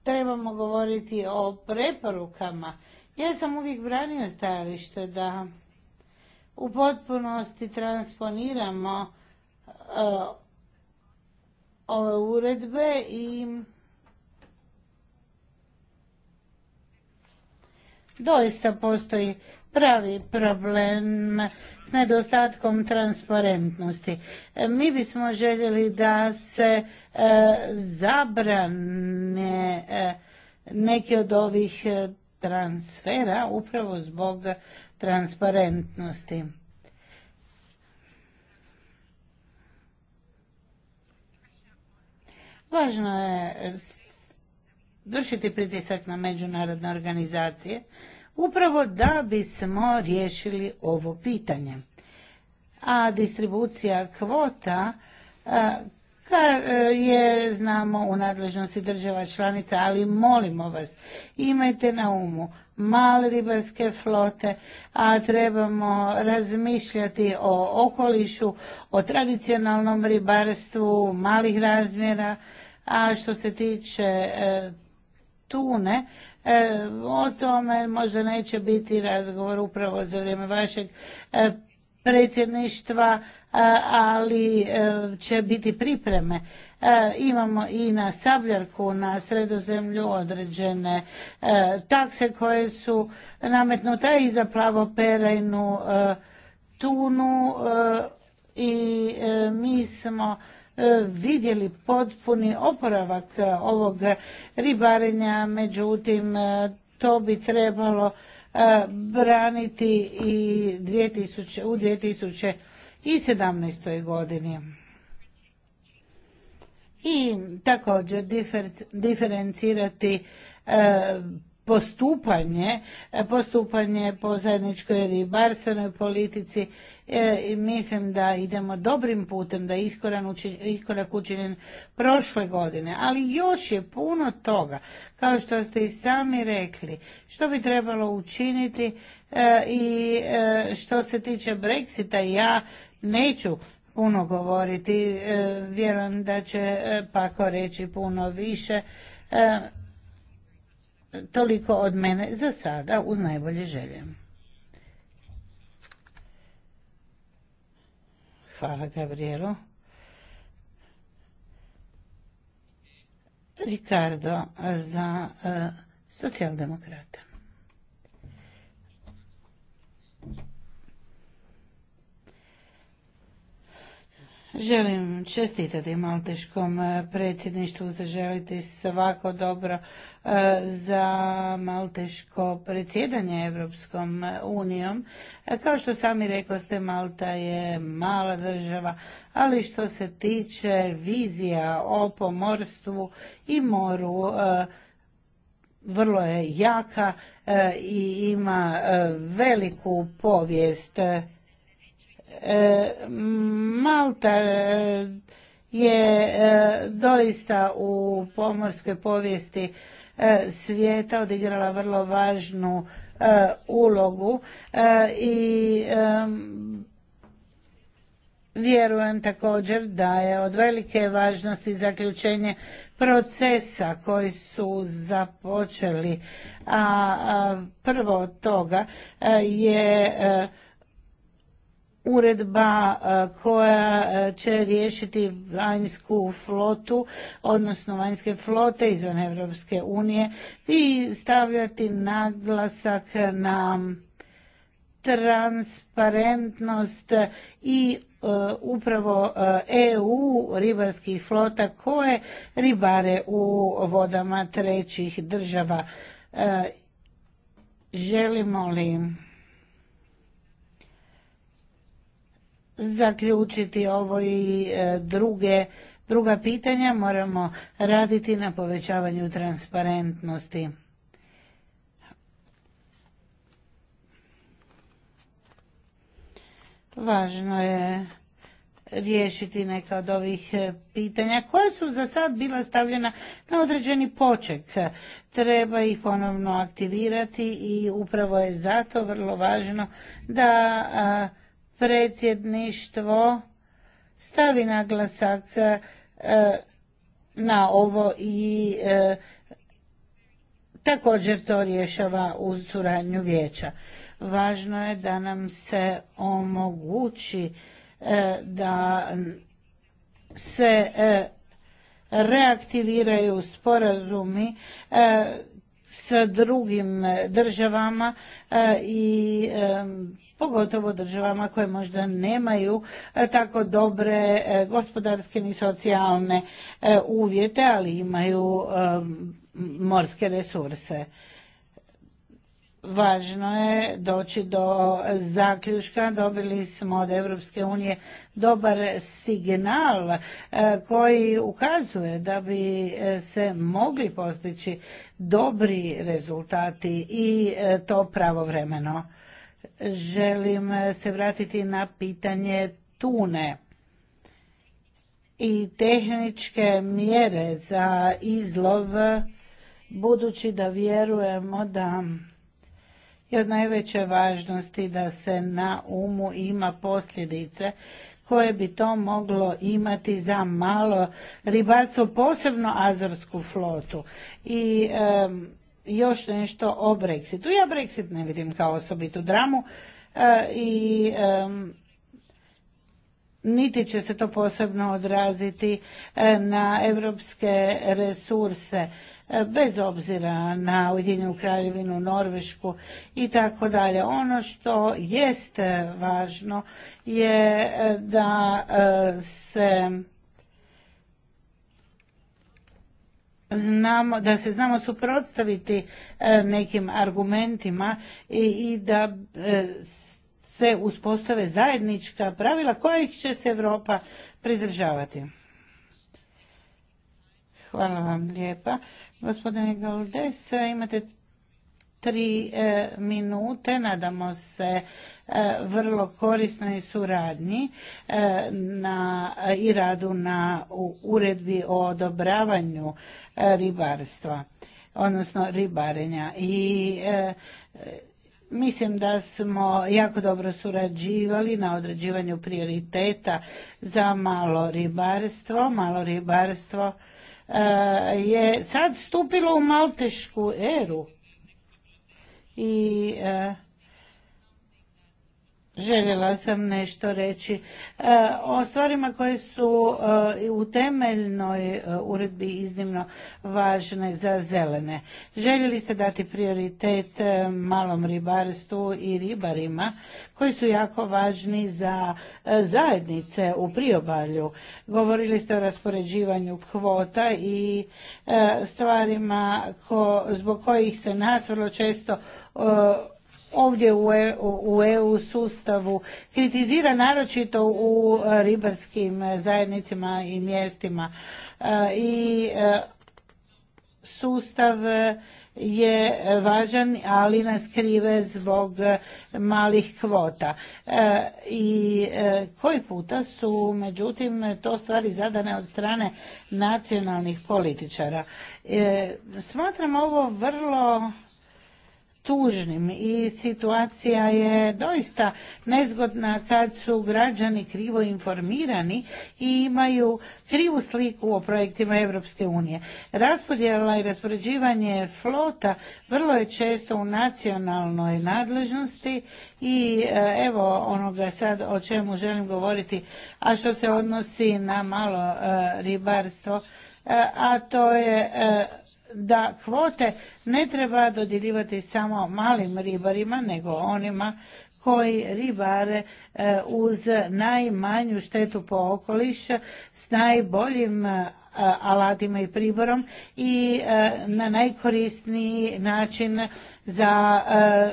trebamo govoriti o preporukama. Ja sam uvijek branio stajalište da u potpunosti transponiramo e, ove uredbe i doista postoji pravi problem s nedostatkom transparentnosti. E, mi bismo željeli da se e, zabrane e, neki od ovih transfera upravo zbog transparentnosti. Važno je vršiti pritisak na međunarodne organizacije upravo da bismo riješili ovo pitanje. A distribucija kvota e, je, znamo, u nadležnosti država članica, ali molimo vas, imajte na umu male ribarske flote, a trebamo razmišljati o okolišu, o tradicionalnom ribarstvu, malih razmjera, a što se tiče e, tune, E, o tome možda neće biti razgovor upravo za vrijeme vašeg e, predsjedništva, e, ali e, će biti pripreme. Imamo i na Sabljarku, na sredozemlju određene takse koje su nametnute i za plavoperajnu tunu i mi smo E, vidjeli potpuni oporavak e, ovog ribarenja, međutim e, to bi trebalo braniti i u 2017. godini. I također diferencirati postupanje, postupanje po zajedničkoj ribarstvenoj politici E, mislim da idemo dobrim putem, da iskorak učinjen prošle godine, ali još je puno toga, kao što ste i sami rekli, što bi trebalo učiniti e, i e, što se tiče Brexita, ja neću puno govoriti, vjerujem da će Pako reći puno više, toliko od mene za sada uz najbolje želje. Hvala, Gabrielo. Ricardo za eh, socijaldemokrata. Želim čestitati malteškom e, predsjedništvu, zaželiti svako dobro e, za malteško predsjedanje Europskom unijom. E, kao što sami rekao ste, Malta je mala država, ali što se tiče vizija o pomorstvu i moru, vrlo je jaka i ima veliku povijest E, Malta e, je e, doista u pomorskoj povijesti svijeta odigrala vrlo važnu ulogu i vjerujem također da je od velike važnosti zaključenje procesa koji su započeli a prvo od toga je uredba e, koja e, će riješiti vanjsku flotu, odnosno vanjske flote izvan Europske unije i stavljati naglasak na transparentnost i e, upravo EU ribarskih flota koje ribare u vodama trećih država. Želimo li zaključiti ovo i e, druge druga pitanja moramo raditi na povećavanju transparentnosti važno je riješiti neka od ovih e, pitanja koja su za sad bila stavljena na određeni poček. Treba ih ponovno aktivirati i upravo je zato vrlo važno da predsjedništvo stavi naglasak e, e, na ovo i e, također to rješava uz suradnju vijeća. Važno je da nam se omogući da se reaktiviraju sporazumi sa drugim državama i pogotovo državama koje možda nemaju e, tako dobre e, gospodarske ni socijalne e, uvjete, ali imaju morske resurse. Važno je doći do zaključka, dobili smo od Europske unije dobar signal koji ukazuje da bi se mogli postići dobri rezultati i to pravovremeno želim eh, se vratiti na pitanje tune i tehničke mjere za izlov budući da vjerujemo da je od najveće važnosti da se na umu ima posljedice koje bi to moglo imati za malo ribarstvo, posebno azorsku flotu. I još nešto o Brexitu. Ja Brexit ne vidim kao osobitu dramu e, i niti će se to posebno odraziti e, na evropske resurse e, bez obzira na Ujedinjenu kraljevinu, Norvešku i tako dalje. Ono što jest važno je da se znamo, da se znamo suprotstaviti e, nekim argumentima i, i da e, se uspostave zajednička pravila kojih će se Europa pridržavati. Hvala vam lijepa. Gospodine Galdes, imate tri e, minute. Nadamo se e, vrlo korisnoj suradnji e, na, i radu na uredbi o odobravanju ribarstva, odnosno ribarenja. I Mislim da smo jako dobro surađivali na određivanju prioriteta za malo ribarstvo. Malo ribarstvo je sad stupilo u maltešku eru i e, Željela sam nešto reći e, o stvarima koje su e, u temeljnoj e, uredbi iznimno važne za zelene. Željeli ste dati prioritet malom ribarstvu i ribarima koji su jako važni za zajednice u priobalju. Govorili ste o raspoređivanju kvota i stvarima zbog kojih se nas vrlo često ovdje u EU e sustavu kritizira naročito u e, ribarskim e, zajednicima i mjestima. I sustav je važan, ali nas krive zbog malih kvota. I koji puta su, međutim, to stvari zadane od strane nacionalnih političara. smatram ovo vrlo tužnim i situacija je doista nezgodna kad su građani krivo informirani i imaju krivu sliku o projektima Europske unije. Raspodjela i raspoređivanje flota vrlo je često u nacionalnoj nadležnosti i e, evo onoga sad o čemu želim govoriti, a što se odnosi na malo e, ribarstvo, e, a to je da kvote ne treba dodjeljivati samo malim ribarima, nego onima koji ribare e, uz najmanju štetu po okoliš s najboljim e, alatima i priborom i e, na najkorisniji način za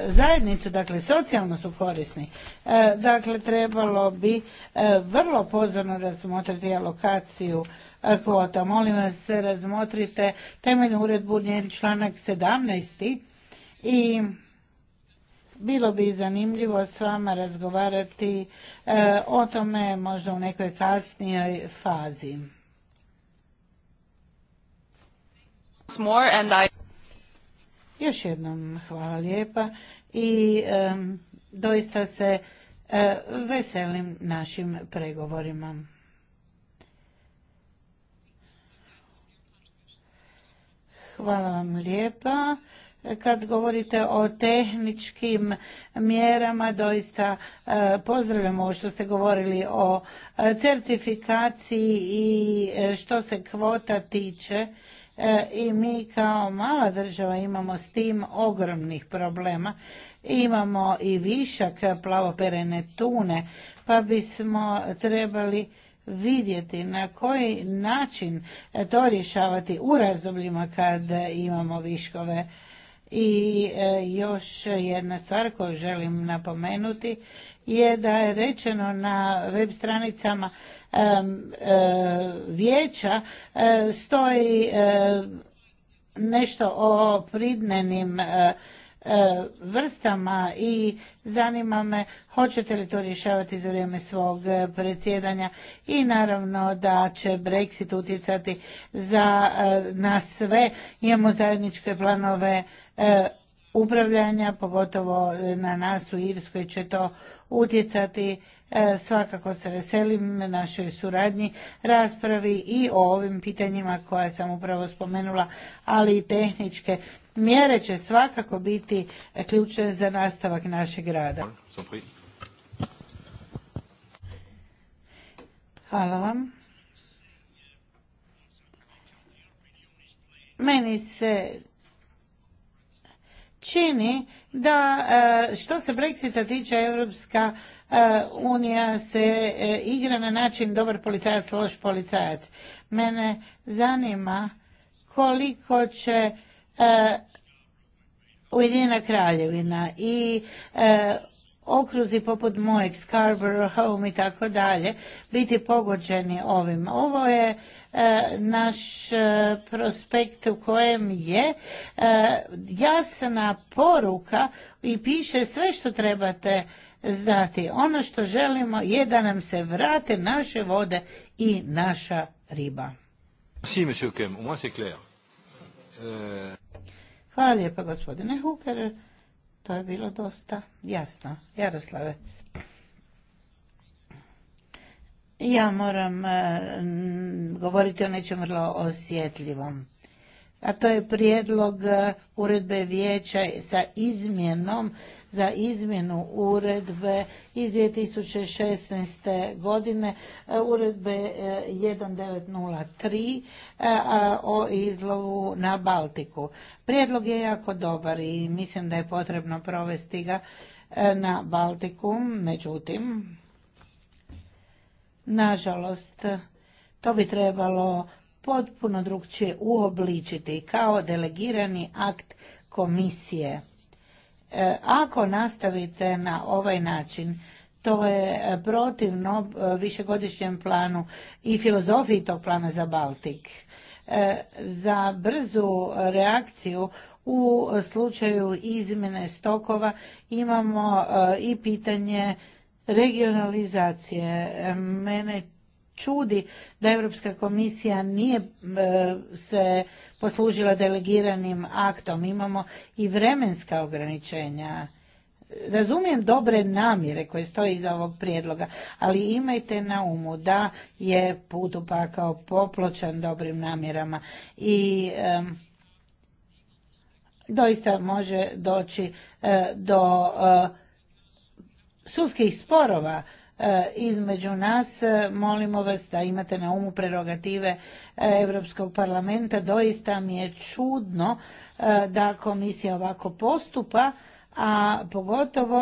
zajednicu, dakle socijalno su korisni. Dakle, trebalo bi vrlo pozorno razmotriti alokaciju E, kvota. Molim vas, razmotrite temeljnu uredbu njen članak 17. i bilo bi zanimljivo s vama razgovarati e, o tome možda u nekoj kasnijoj fazi. Još jednom hvala lijepa i e, doista se veselim našim pregovorima. Hvala vam lijepa. Kad govorite o tehničkim mjerama, doista e, pozdravljamo što ste govorili o e, certifikaciji i e, što se kvota tiče i mi kao mala država imamo s tim ogromnih problema. Imamo i višak plavoperene tune, pa bismo trebali vidjeti na koji način to rješavati u razdobljima kad imamo viškove. I e, još jedna stvar koju želim napomenuti je da je rečeno na web stranicama e, vijeća e, stoji nešto o pridnenim E, vrstama i zanima me hoćete li to rješavati za vrijeme svog e, predsjedanja i naravno da će Brexit utjecati za e, na sve. Imamo zajedničke planove upravljanja, pogotovo na nas u Irskoj će to utjecati E, svakako se veselim našoj suradnji raspravi i o ovim pitanjima koja sam upravo spomenula, ali i tehničke mjere će svakako biti e, ključne za nastavak našeg rada. Hvala vam. Meni se čini da e, što se Brexita tiče Europska E, Unija se e, igra na način dobar policajac, loš policajac. Mene zanima koliko će e, Ujedinjena kraljevina i okruzi poput mojeg, Scarborough, Home i tako dalje, biti pogođeni ovim. Ovo je naš prospekt u kojem je jasna poruka i piše sve što trebate znati. Ono što želimo je da nam se vrate naše vode i naša riba. Euh, Hvala lijepa gospodine Huker, to je bilo dosta jasno. Jaroslave. Ja moram e, govoriti o nečem vrlo osjetljivom. A to je prijedlog e, uredbe vijeća sa izmjenom za izmjenu uredbe iz 2016. godine, e, uredbe 1903 e, e, o izlovu na Baltiku. Prijedlog je jako dobar i mislim da je potrebno provesti ga na Baltiku, međutim, nažalost, to bi trebalo potpuno drugčije uobličiti kao delegirani akt komisije. E, ako nastavite na ovaj način, to je protivno e, višegodišnjem planu i filozofiji tog plana za Baltik. E, za brzu reakciju u slučaju izmjene stokova imamo i pitanje regionalizacije. Mene čudi da Europska komisija nije se poslužila delegiranim aktom. Imamo i vremenska ograničenja. Razumijem dobre namjere koje stoje iza ovog prijedloga, ali imajte na umu da je put upakao popločan dobrim namjerama i doista može doći eh, do eh, sudskih sporova E, između nas. E, molimo vas da imate na umu prerogative Europskog parlamenta. Doista mi je čudno e, da komisija ovako postupa, a pogotovo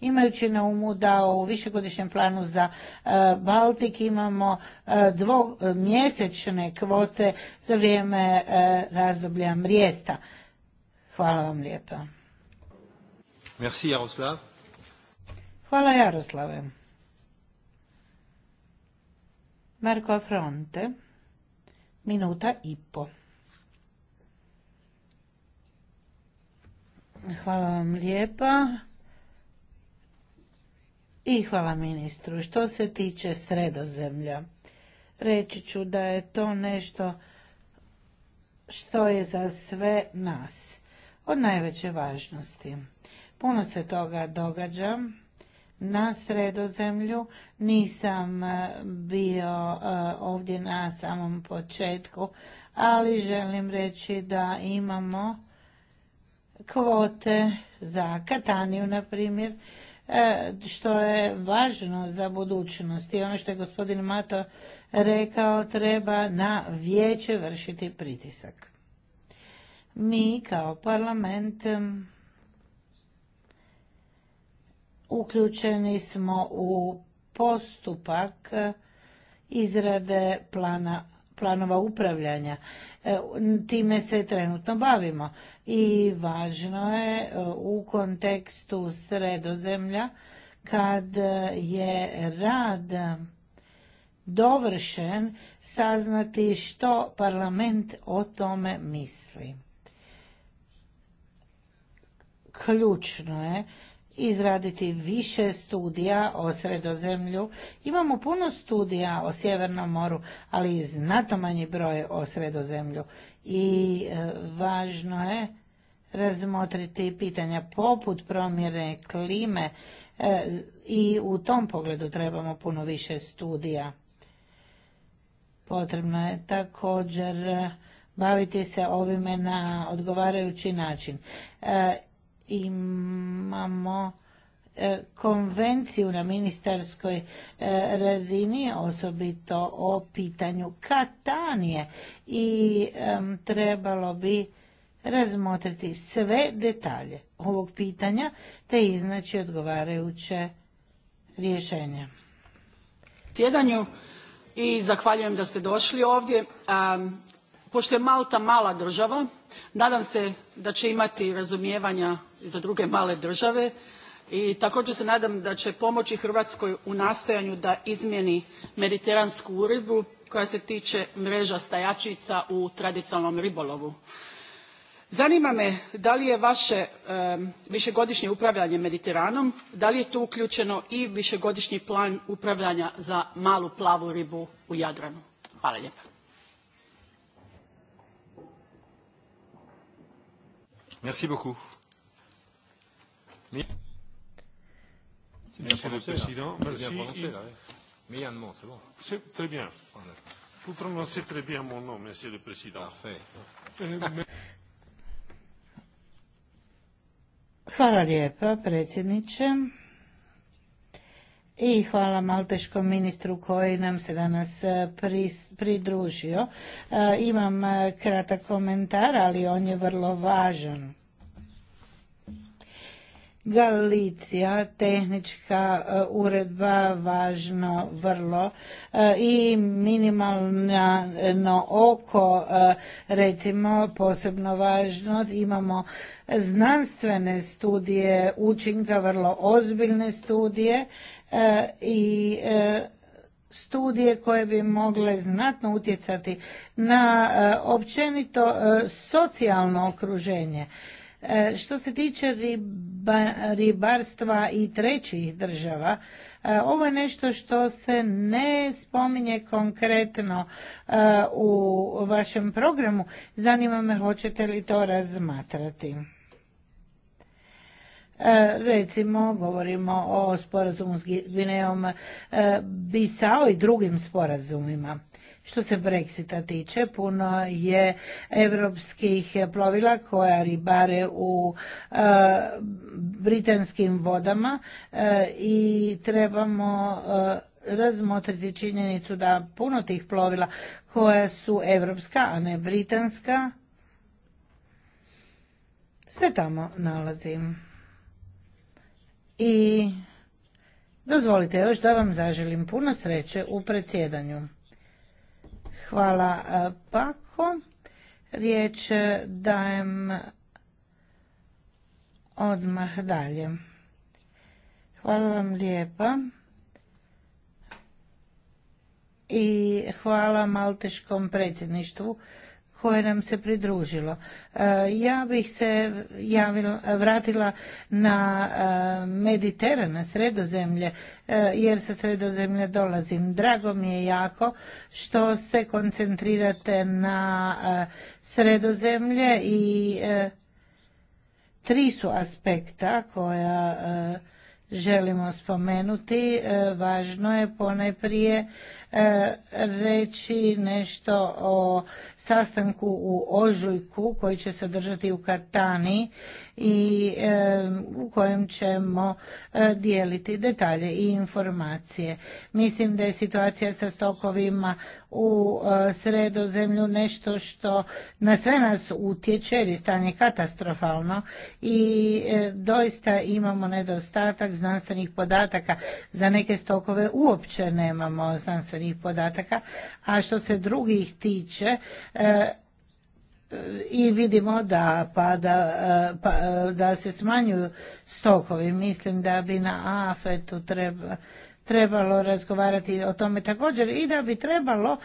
imajući na umu da u višegodišnjem planu za Baltik imamo dvomjesečne kvote za vrijeme razdoblja mrijesta. Hvala vam lijepa. Hvala Jaroslave. Marko Fronte, minuta i po. Hvala vam lijepa. I hvala ministru. Što se tiče sredozemlja, reći ću da je to nešto što je za sve nas od najveće važnosti. Puno se toga događa na sredozemlju. Nisam e, bio e, ovdje na samom početku, ali želim reći da imamo kvote za Kataniju, na primjer, e, što je važno za budućnost i ono što je gospodin Mato rekao, treba na vijeće vršiti pritisak. Mi kao parlament uključeni smo u postupak izrade plana, planova upravljanja. E, time se trenutno bavimo i važno je e, u kontekstu sredozemlja kad je rad dovršen saznati što parlament o tome misli. Ključno je izraditi više studija o sredozemlju. Imamo puno studija o Sjevernom moru, ali znato manji broj o sredozemlju. I e, važno je razmotriti pitanja poput promjere klime e, i u tom pogledu trebamo puno više studija. Potrebno je također e, baviti se ovime na odgovarajući način imamo e, konvenciju na ministarskoj e, razini, osobito o pitanju Katanije i trebalo bi razmotriti sve detalje ovog pitanja te iznaći odgovarajuće rješenja. Sjedanju i zahvaljujem da ste došli ovdje pošto je malta mala država nadam se da će imati razumijevanja i za druge male države i također se nadam da će pomoći hrvatskoj u nastojanju da izmijeni mediteransku uredbu koja se tiče mreža stajačica u tradicionalnom ribolovu. zanima me da li je vaše višegodišnje upravljanje mediteranom da li je tu uključeno i višegodišnji plan upravljanja za malu plavu ribu u jadranu? hvala lijepa. Merci beaucoup. Monsieur le Président, merci. Mais il y a Myanmar, c'est bon. C'est très bien. Vous prononcez très bien mon nom, Monsieur le Président. Parfait. Hvala lijepa, predsjedniče i hvala malteškom ministru koji nam se danas e, pridružio. E, imam e, kratak komentar, ali on je vrlo važan. Galicija, tehnička uredba, važno vrlo i minimalno oko, recimo, posebno važno, imamo znanstvene studije učinka, vrlo ozbiljne studije E, i e, studije koje bi mogle znatno utjecati na e, općenito socijalno okruženje. Što se tiče ribarstva i trećih država, ovo je nešto što se ne spominje konkretno u vašem programu. Zanima me hoćete li to razmatrati. E, recimo, govorimo o sporazumu s Gvineom e, Bisao i drugim sporazumima. Što se Brexita tiče, puno je evropskih plovila koja ribare u e, britanskim vodama i trebamo razmotriti činjenicu da puno tih plovila koja su evropska, a ne britanska, se tamo nalazim i dozvolite još da vam zaželim puno sreće u predsjedanju. Hvala e, Pako. Riječ e, dajem odmah dalje. Hvala vam lijepa. I hvala Malteškom predsjedništvu koje nam se pridružilo. E, ja bih se javila, vratila na e, Mediteran, na sredozemlje, e, jer sa sredozemlja dolazim. Drago mi je jako što se koncentrirate na sredozemlje i tri su aspekta koja želimo spomenuti. Važno je ponajprije E, reći nešto o sastanku u Ožujku koji će se držati u Katani i e, u kojem ćemo e, dijeliti detalje i informacije. Mislim da je situacija sa stokovima u sredozemlju nešto što na sve nas utječe jer je stanje katastrofalno i doista imamo nedostatak znanstvenih podataka. Za neke stokove uopće nemamo znanstvenih zdravstvenih podataka, a što se drugih tiče, e, i vidimo da e, pa, e, da se smanjuju stokovi. Mislim da bi na AFET-u treba, trebalo razgovarati o tome također i da bi trebalo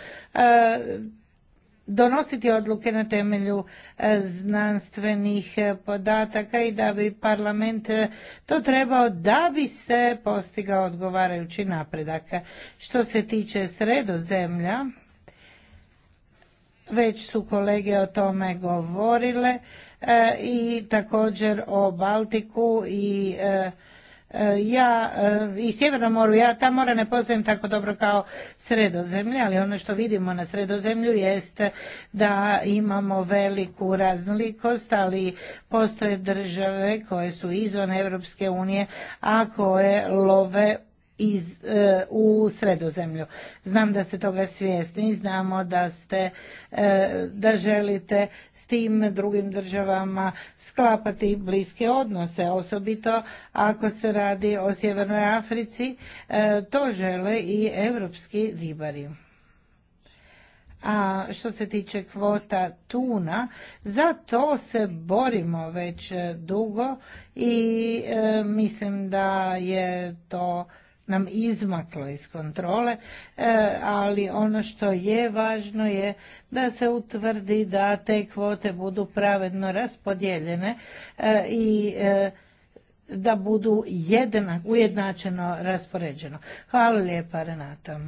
donositi odluke na temelju e, znanstvenih e, podataka i da bi parlament e, to trebao da bi se postigao odgovarajući napredak. Što se tiče sredozemlja, već su kolege o tome govorile i također o Baltiku i E, ja e, i sjevernom moru, ja ta mora ne poznajem tako dobro kao sredozemlje, ali ono što vidimo na sredozemlju jest da imamo veliku raznolikost, ali postoje države koje su izvan Europske unije, a koje love iz, e, u sredozemlju. Znam da ste toga svjesni, znamo da ste e, da želite s tim drugim državama sklapati bliske odnose, osobito ako se radi o Sjevernoj Africi, e, to žele i europski ribari. A što se tiče kvota tuna, za to se borimo već dugo i mislim da je to nam izmaklo iz kontrole, e, ali ono što je važno je da se utvrdi da te kvote budu pravedno raspodijeljene e, i e, da budu ujednačeno raspoređeno. Hvala lijepa Renata.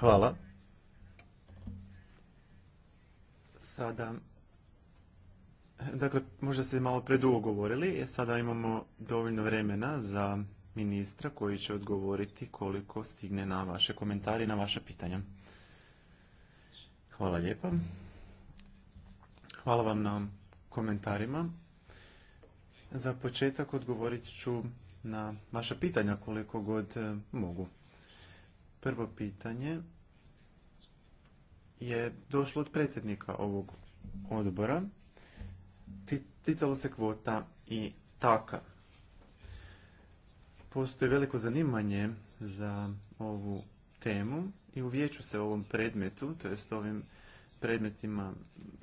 Hvala. Sada Dakle, možda ste malo predugo govorili, e, sada imamo dovoljno vremena za ministra koji će odgovoriti koliko stigne na vaše komentari i na vaša pitanja. Hvala lijepa. Hvala vam na komentarima. Za početak odgovorit ću na vaša pitanja koliko god e, mogu. Prvo pitanje je došlo od predsjednika ovog odbora ticalo se kvota i taka. Postoji veliko zanimanje za ovu temu i u vijeću se ovom predmetu, to jest ovim predmetima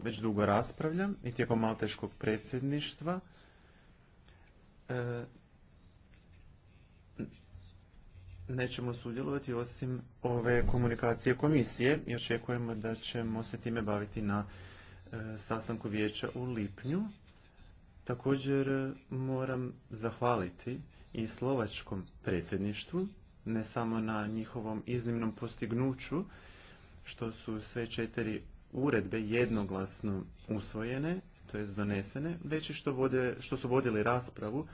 već dugo raspravlja i tijekom malteškog predsjedništva e, nećemo sudjelovati osim ove komunikacije komisije i očekujemo da ćemo se time baviti na E, sastanku vijeća u lipnju. Također e, moram zahvaliti i slovačkom predsjedništvu, ne samo na njihovom iznimnom postignuću, što su sve četiri uredbe jednoglasno usvojene, to jest donesene, već i što, vode, što su vodili raspravu,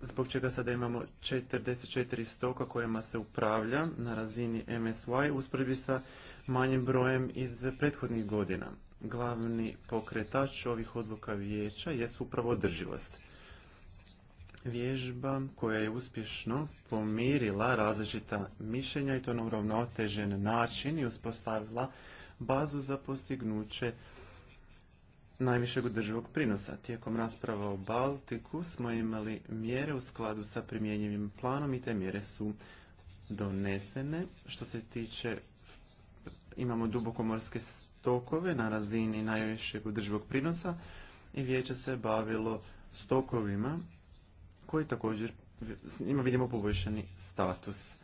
zbog čega sada imamo 44 stoka kojima se upravlja na razini MSY usporedbi sa manjim brojem iz prethodnih godina glavni pokretač ovih odluka vijeća je upravo održivost. Vježba koja je uspješno pomirila različita mišljenja i to na uravnotežen način i uspostavila bazu za postignuće najvišeg održivog prinosa. Tijekom rasprava o Baltiku smo imali mjere u skladu sa primjenjivim planom i te mjere su donesene. Što se tiče, imamo dubokomorske stokove na razini najvišeg održivog prinosa i vijeće se bavilo stokovima koji također, s njima vidimo poboljšani status.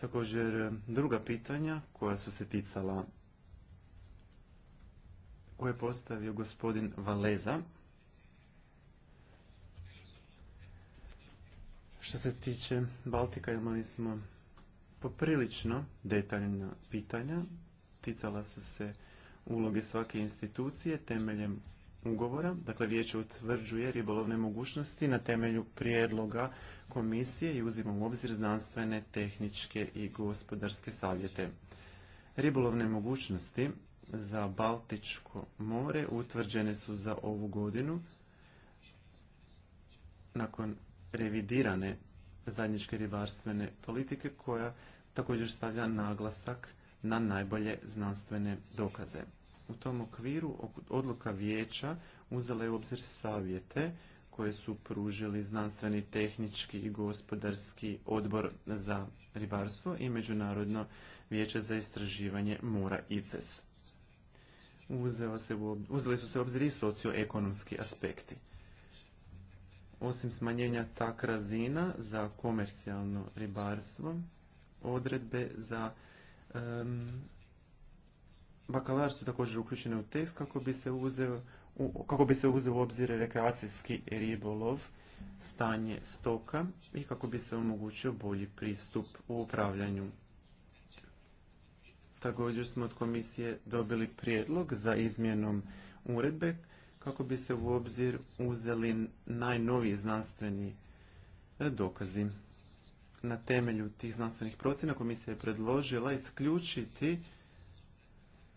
Također druga pitanja koja su se ticala koje je postavio gospodin Valeza. Što se tiče Baltika imali smo poprilično detaljna pitanja. Ticala su se uloge svake institucije temeljem ugovora. Dakle, vijeće utvrđuje ribolovne mogućnosti na temelju prijedloga komisije i uzima u obzir znanstvene, tehničke i gospodarske savjete. Ribolovne mogućnosti za Baltičko more utvrđene su za ovu godinu nakon revidirane zajedničke ribarstvene politike koja također stavlja naglasak na najbolje znanstvene dokaze. U tom okviru odluka vijeća uzela je u obzir savjete koje su pružili znanstveni, tehnički i gospodarski odbor za ribarstvo i Međunarodno vijeće za istraživanje mora ICES. uzeli su se u obzir i socioekonomski aspekti. Osim smanjenja tak razina za komercijalno ribarstvo, odredbe za bakalar su također uključene u tekst kako bi se uzeo u, kako bi se uzeo u obzir rekreacijski ribolov, stanje stoka i kako bi se omogućio bolji pristup u upravljanju. Također smo od komisije dobili prijedlog za izmjenom uredbe kako bi se u obzir uzeli najnoviji znanstveni dokazi na temelju tih znanstvenih procjena komisija je predložila isključiti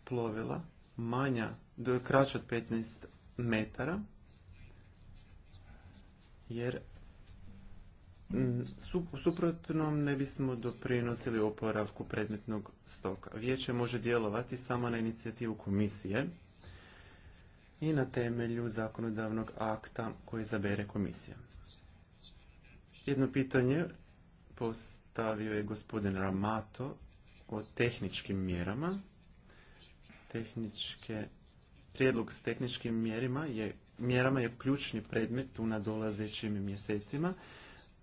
plovila manja, do kraća od 15 metara, jer mm, u suprotnom ne bismo doprinosili oporavku predmetnog stoka. Vijeće može djelovati samo na inicijativu komisije i na temelju zakonodavnog akta koji zabere komisija. Jedno pitanje postavio je gospodin Ramato o tehničkim mjerama. Tehničke, prijedlog s tehničkim mjerima je, mjerama je ključni predmet u nadolazećim mjesecima.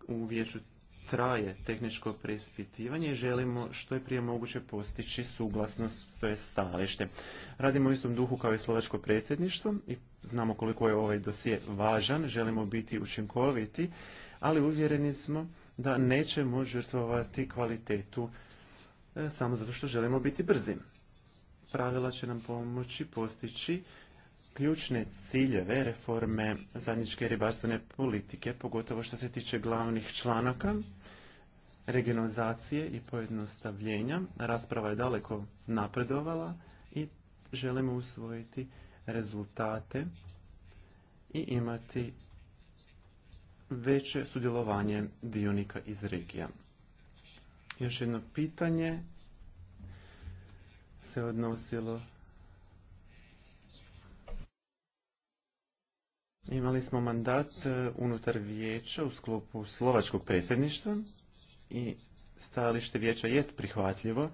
U vijeću traje tehničko preispitivanje i želimo što je prije moguće postići suglasnost, to je stajalište. Radimo u istom duhu kao i slovačko predsjedništvo i znamo koliko je ovaj dosije važan, želimo biti učinkoviti, ali uvjereni smo da nećemo žrtvovati kvalitetu e, samo zato što želimo biti brzim. Pravila će nam pomoći postići ključne ciljeve reforme zajedničke ribarstvene politike, pogotovo što se tiče glavnih članaka, regionalizacije i pojednostavljenja. Rasprava je daleko napredovala i želimo usvojiti rezultate i imati veće sudjelovanje dionika iz regija. Još jedno pitanje se odnosilo Imali smo mandat e, unutar vijeća u sklopu slovačkog predsjedništva i stajalište vijeća jest prihvatljivo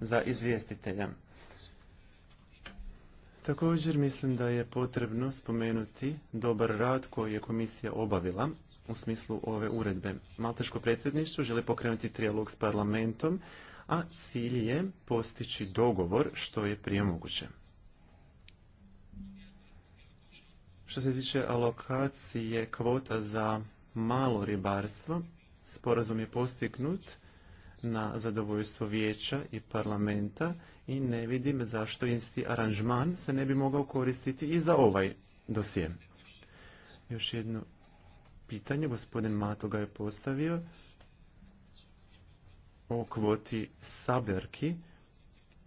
za izvjestitelja. Također mislim da je potrebno spomenuti dobar rad koji je komisija obavila u smislu ove uredbe. Malteško predsjedništvo želi pokrenuti trijalog s parlamentom, a cilj je postići dogovor što je prije moguće. Što se tiče alokacije kvota za malo ribarstvo, sporazum je postignut na zadovoljstvo vijeća i parlamenta i ne vidim zašto isti aranžman se ne bi mogao koristiti i za ovaj dosije. Još jedno pitanje, gospodin Mato ga je postavio o kvoti saberki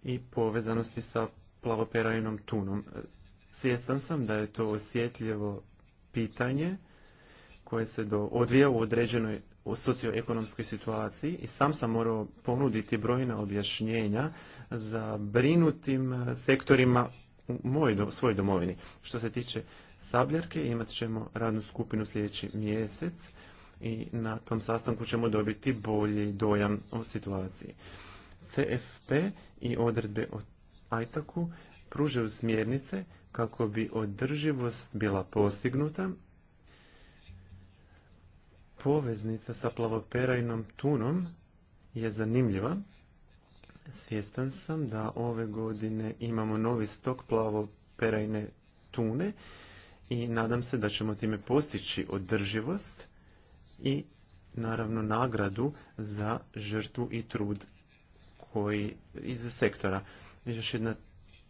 i povezanosti sa plavoperajnom tunom. Svjestan sam da je to osjetljivo pitanje koje se do, odvija u određenoj socioekonomskoj situaciji i sam sam morao ponuditi brojna objašnjenja za brinutim sektorima u moj, svojoj domovini. Što se tiče sabljarke, imat ćemo radnu skupinu sljedeći mjesec i na tom sastanku ćemo dobiti bolji dojam o situaciji. CFP i odredbe o ajtaku pružaju smjernice kako bi održivost bila postignuta. Poveznica sa plavoperajnom tunom je zanimljiva Svjestan sam da ove godine imamo novi stok plavo perajne tune i nadam se da ćemo time postići održivost i naravno nagradu za žrtvu i trud koji iz sektora. Još jedna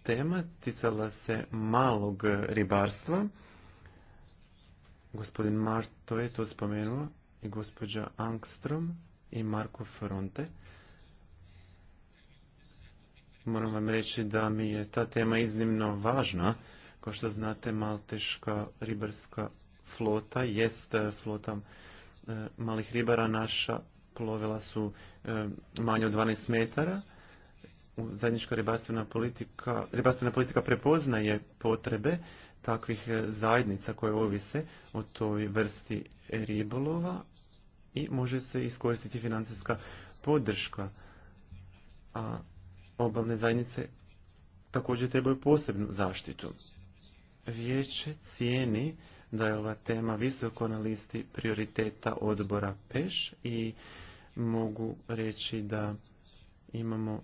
tema ticala se malog ribarstva. Gospodin Marto je to spomenuo i gospođa Angstrom i Marko Fronte moram vam reći da mi je ta tema iznimno važna. Kao što znate, Malteška ribarska flota jest e, flota e, malih ribara. Naša plovila su e, manje od 12 metara. Zajednička ribarstvena politika, ribarstvena politika prepoznaje potrebe takvih zajednica koje ovise o toj vrsti ribolova i može se iskoristiti financijska podrška. A obalne zajednice također trebaju posebnu zaštitu. Vijeće cijeni da je ova tema visoko na listi prioriteta odbora PEŠ i mogu reći da imamo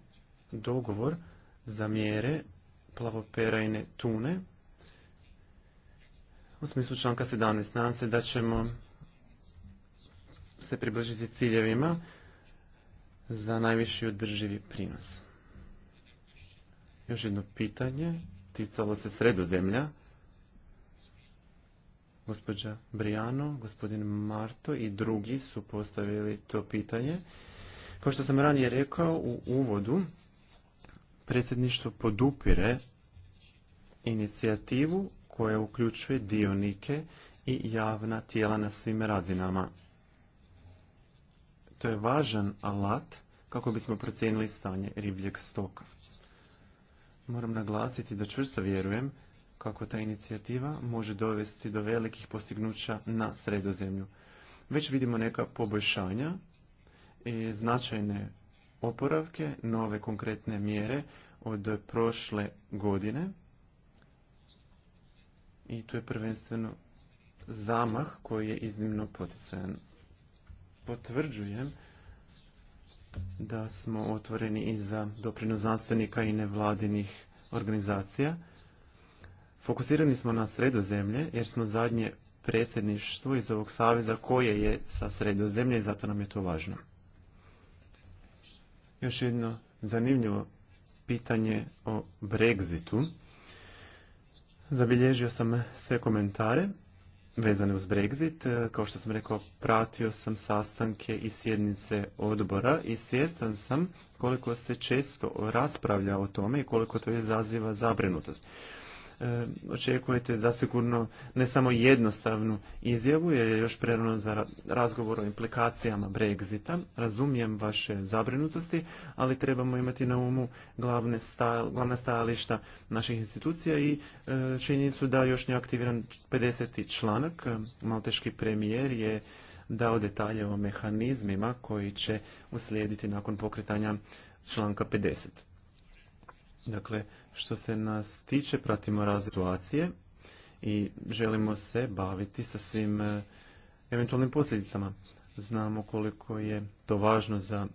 dogovor za mjere plavoperajne tune u smislu članka 17. Nadam se da ćemo se približiti ciljevima za najviši održivi prinos. Još jedno pitanje, ticalo se sredozemlja. Gospođa Brijano, gospodin Marto i drugi su postavili to pitanje. Kao što sam ranije rekao u uvodu, predsjedništvo podupire inicijativu koja uključuje dionike i javna tijela na svim razinama. To je važan alat kako bismo procijenili stanje ribljeg stoka moram naglasiti da čvrsto vjerujem kako ta inicijativa može dovesti do velikih postignuća na sredozemlju. Već vidimo neka poboljšanja i značajne oporavke, nove konkretne mjere od prošle godine. I tu je prvenstveno zamah koji je iznimno poticajan. Potvrđujem da smo otvoreni i za doprinos znanstvenika i nevladinih organizacija. Fokusirani smo na sredozemlje jer smo zadnje predsjedništvo iz ovog saveza koje je sa sredozemlje i zato nam je to važno. Još jedno zanimljivo pitanje o Brexitu. Zabilježio sam sve komentare vezane uz Brexit. E, kao što sam rekao, pratio sam sastanke i sjednice odbora i svjestan sam koliko se često raspravlja o tome i koliko to izaziva zabrinutost. E, očekujete zasigurno ne samo jednostavnu izjavu jer je još prerano za razgovor o implikacijama Brexita. Razumijem vaše zabrinutosti, ali trebamo imati na umu glavne glavna stajališta naših institucija i e, činjenicu da još nije aktiviran 50. članak. Malteški premijer je dao detalje o mehanizmima koji će uslijediti nakon pokretanja članka 50. Dakle, što se nas tiče, pratimo razne situacije i želimo se baviti sa svim e, eventualnim posljedicama. Znamo koliko je to važno za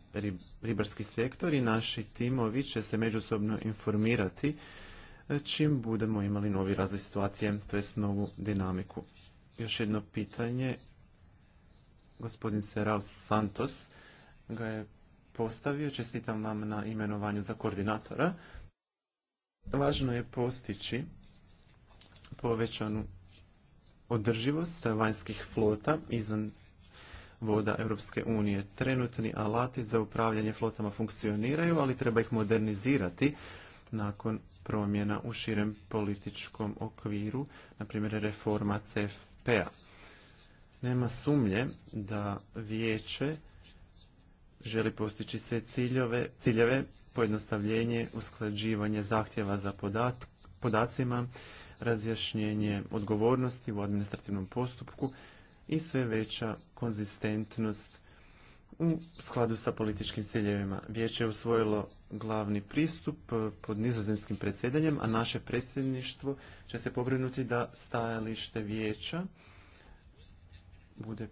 ribarski sektor i naši timovi će se međusobno informirati e, čim budemo imali novi razvoj situacije, to jest novu dinamiku. Još jedno pitanje, gospodin Serao Santos ga je postavio, čestitam vam na imenovanju za koordinatora. Važno je postići povećanu održivost vanjskih flota izvan voda Europske unije. Trenutni alati za upravljanje flotama funkcioniraju, ali treba ih modernizirati nakon promjena u širem političkom okviru, na primjer reforma CFP-a. Nema sumnje da vijeće želi postići sve ciljeve, ciljeve pojednostavljenje, usklađivanje zahtjeva za podacima, razjašnjenje odgovornosti u administrativnom postupku i sve veća konzistentnost u skladu sa političkim ciljevima. Vijeće je usvojilo glavni pristup eh, pod nizozemskim predsjedanjem, a naše predsjedništvo će se pobrinuti da stajalište vijeća bude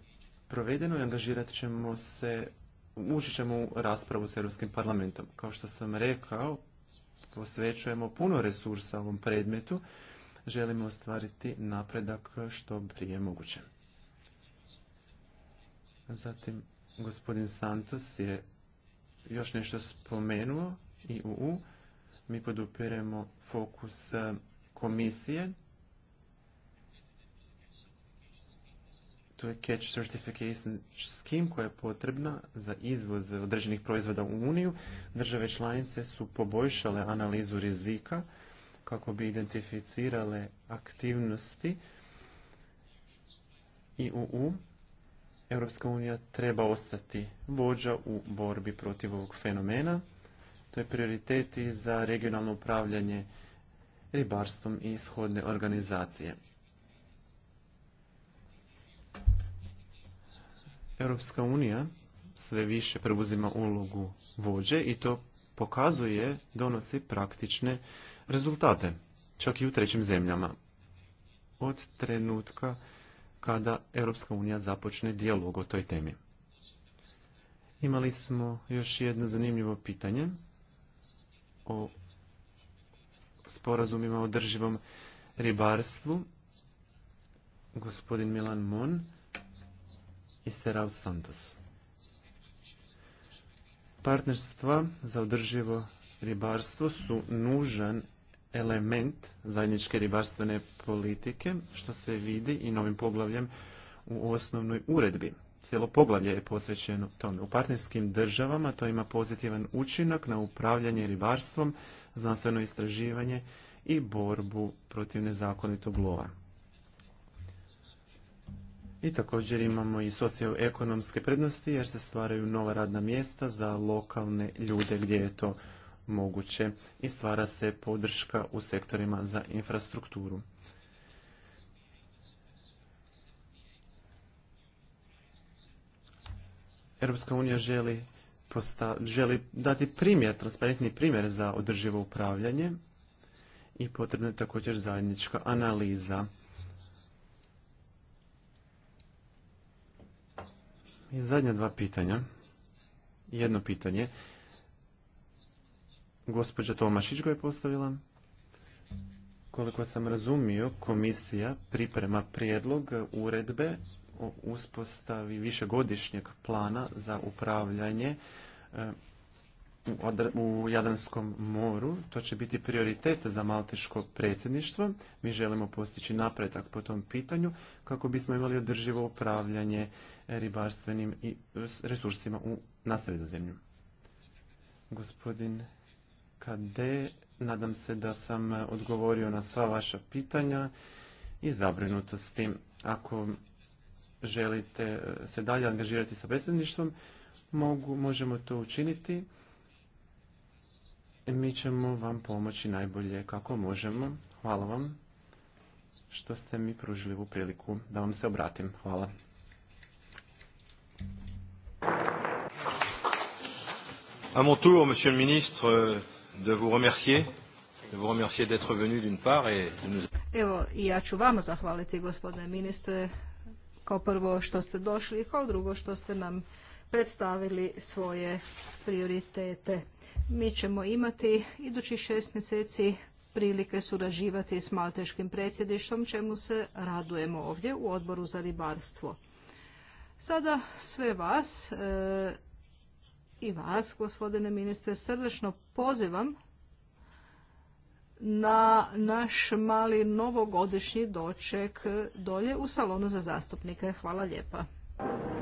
provedeno i angažirat ćemo se ući ćemo u raspravu s Europskim parlamentom. Kao što sam rekao, posvećujemo puno resursa ovom predmetu. Želimo ostvariti napredak što prije moguće. Zatim, gospodin Santos je još nešto spomenuo i u mi podupiremo fokus eh, komisije To je catch certification scheme koja je potrebna za izvoz određenih proizvoda u Uniju. Države članice su poboljšale analizu rizika kako bi identificirale aktivnosti i u Europska unija treba ostati vođa u borbi protiv ovog fenomena. To je prioriteti za regionalno upravljanje ribarstvom i shodne organizacije. Europska unija sve više preuzima ulogu vođe i to pokazuje, donosi praktične rezultate, čak i u trećim zemljama. Od trenutka kada Europska unija započne dijalog o toj temi. Imali smo još jedno zanimljivo pitanje o sporazumima o drživom ribarstvu. Gospodin Milan Mon i Santos. Partnerstva za održivo ribarstvo su nužan element zajedničke ribarstvene politike, što se vidi i novim poglavljem u osnovnoj uredbi. Cijelo poglavlje je posvećeno tome. U partnerskim državama to ima pozitivan učinak na upravljanje ribarstvom, znanstveno istraživanje i borbu protiv nezakonitog lova. I također imamo i socioekonomske prednosti jer se stvaraju nova radna mjesta za lokalne ljude gdje je to moguće i stvara se podrška u sektorima za infrastrukturu. Europska unija želi, želi dati primjer, transparentni primjer za održivo upravljanje i potrebna je također zajednička analiza I zadnja dva pitanja. Jedno pitanje. Gospođa Tomašić ga je postavila. Koliko sam razumio, komisija priprema prijedlog uredbe o uspostavi višegodišnjeg plana za upravljanje e, u Jadranskom moru. To će biti prioritet za malteško predsjedništvo. Mi želimo postići napredak po tom pitanju kako bismo imali održivo upravljanje ribarstvenim i resursima u na sredozemlju. Gospodin Kade, nadam se da sam e, odgovorio na sva vaša pitanja i tim. Ako želite e, se dalje angažirati sa predsjedništvom, mogu, možemo to učiniti. E, mi ćemo vam pomoći najbolje kako možemo. Hvala vam što ste mi pružili ovu priliku da vam se obratim. Hvala. A mon tour, Monsieur le Ministre, de vous remercier, de vous remercier d'être venu d'une part et de nous... Evo, ja ću vama zahvaliti, gospodine ministre, kao prvo što ste došli i kao drugo što ste nam predstavili svoje prioritete mi ćemo imati idući šest mjeseci prilike surađivati s malteškim predsjedništvom, čemu se radujemo ovdje u odboru za ribarstvo. Sada sve vas e, i vas, gospodine ministre, srdečno pozivam na naš mali novogodišnji doček dolje u salonu za zastupnike. Hvala lijepa.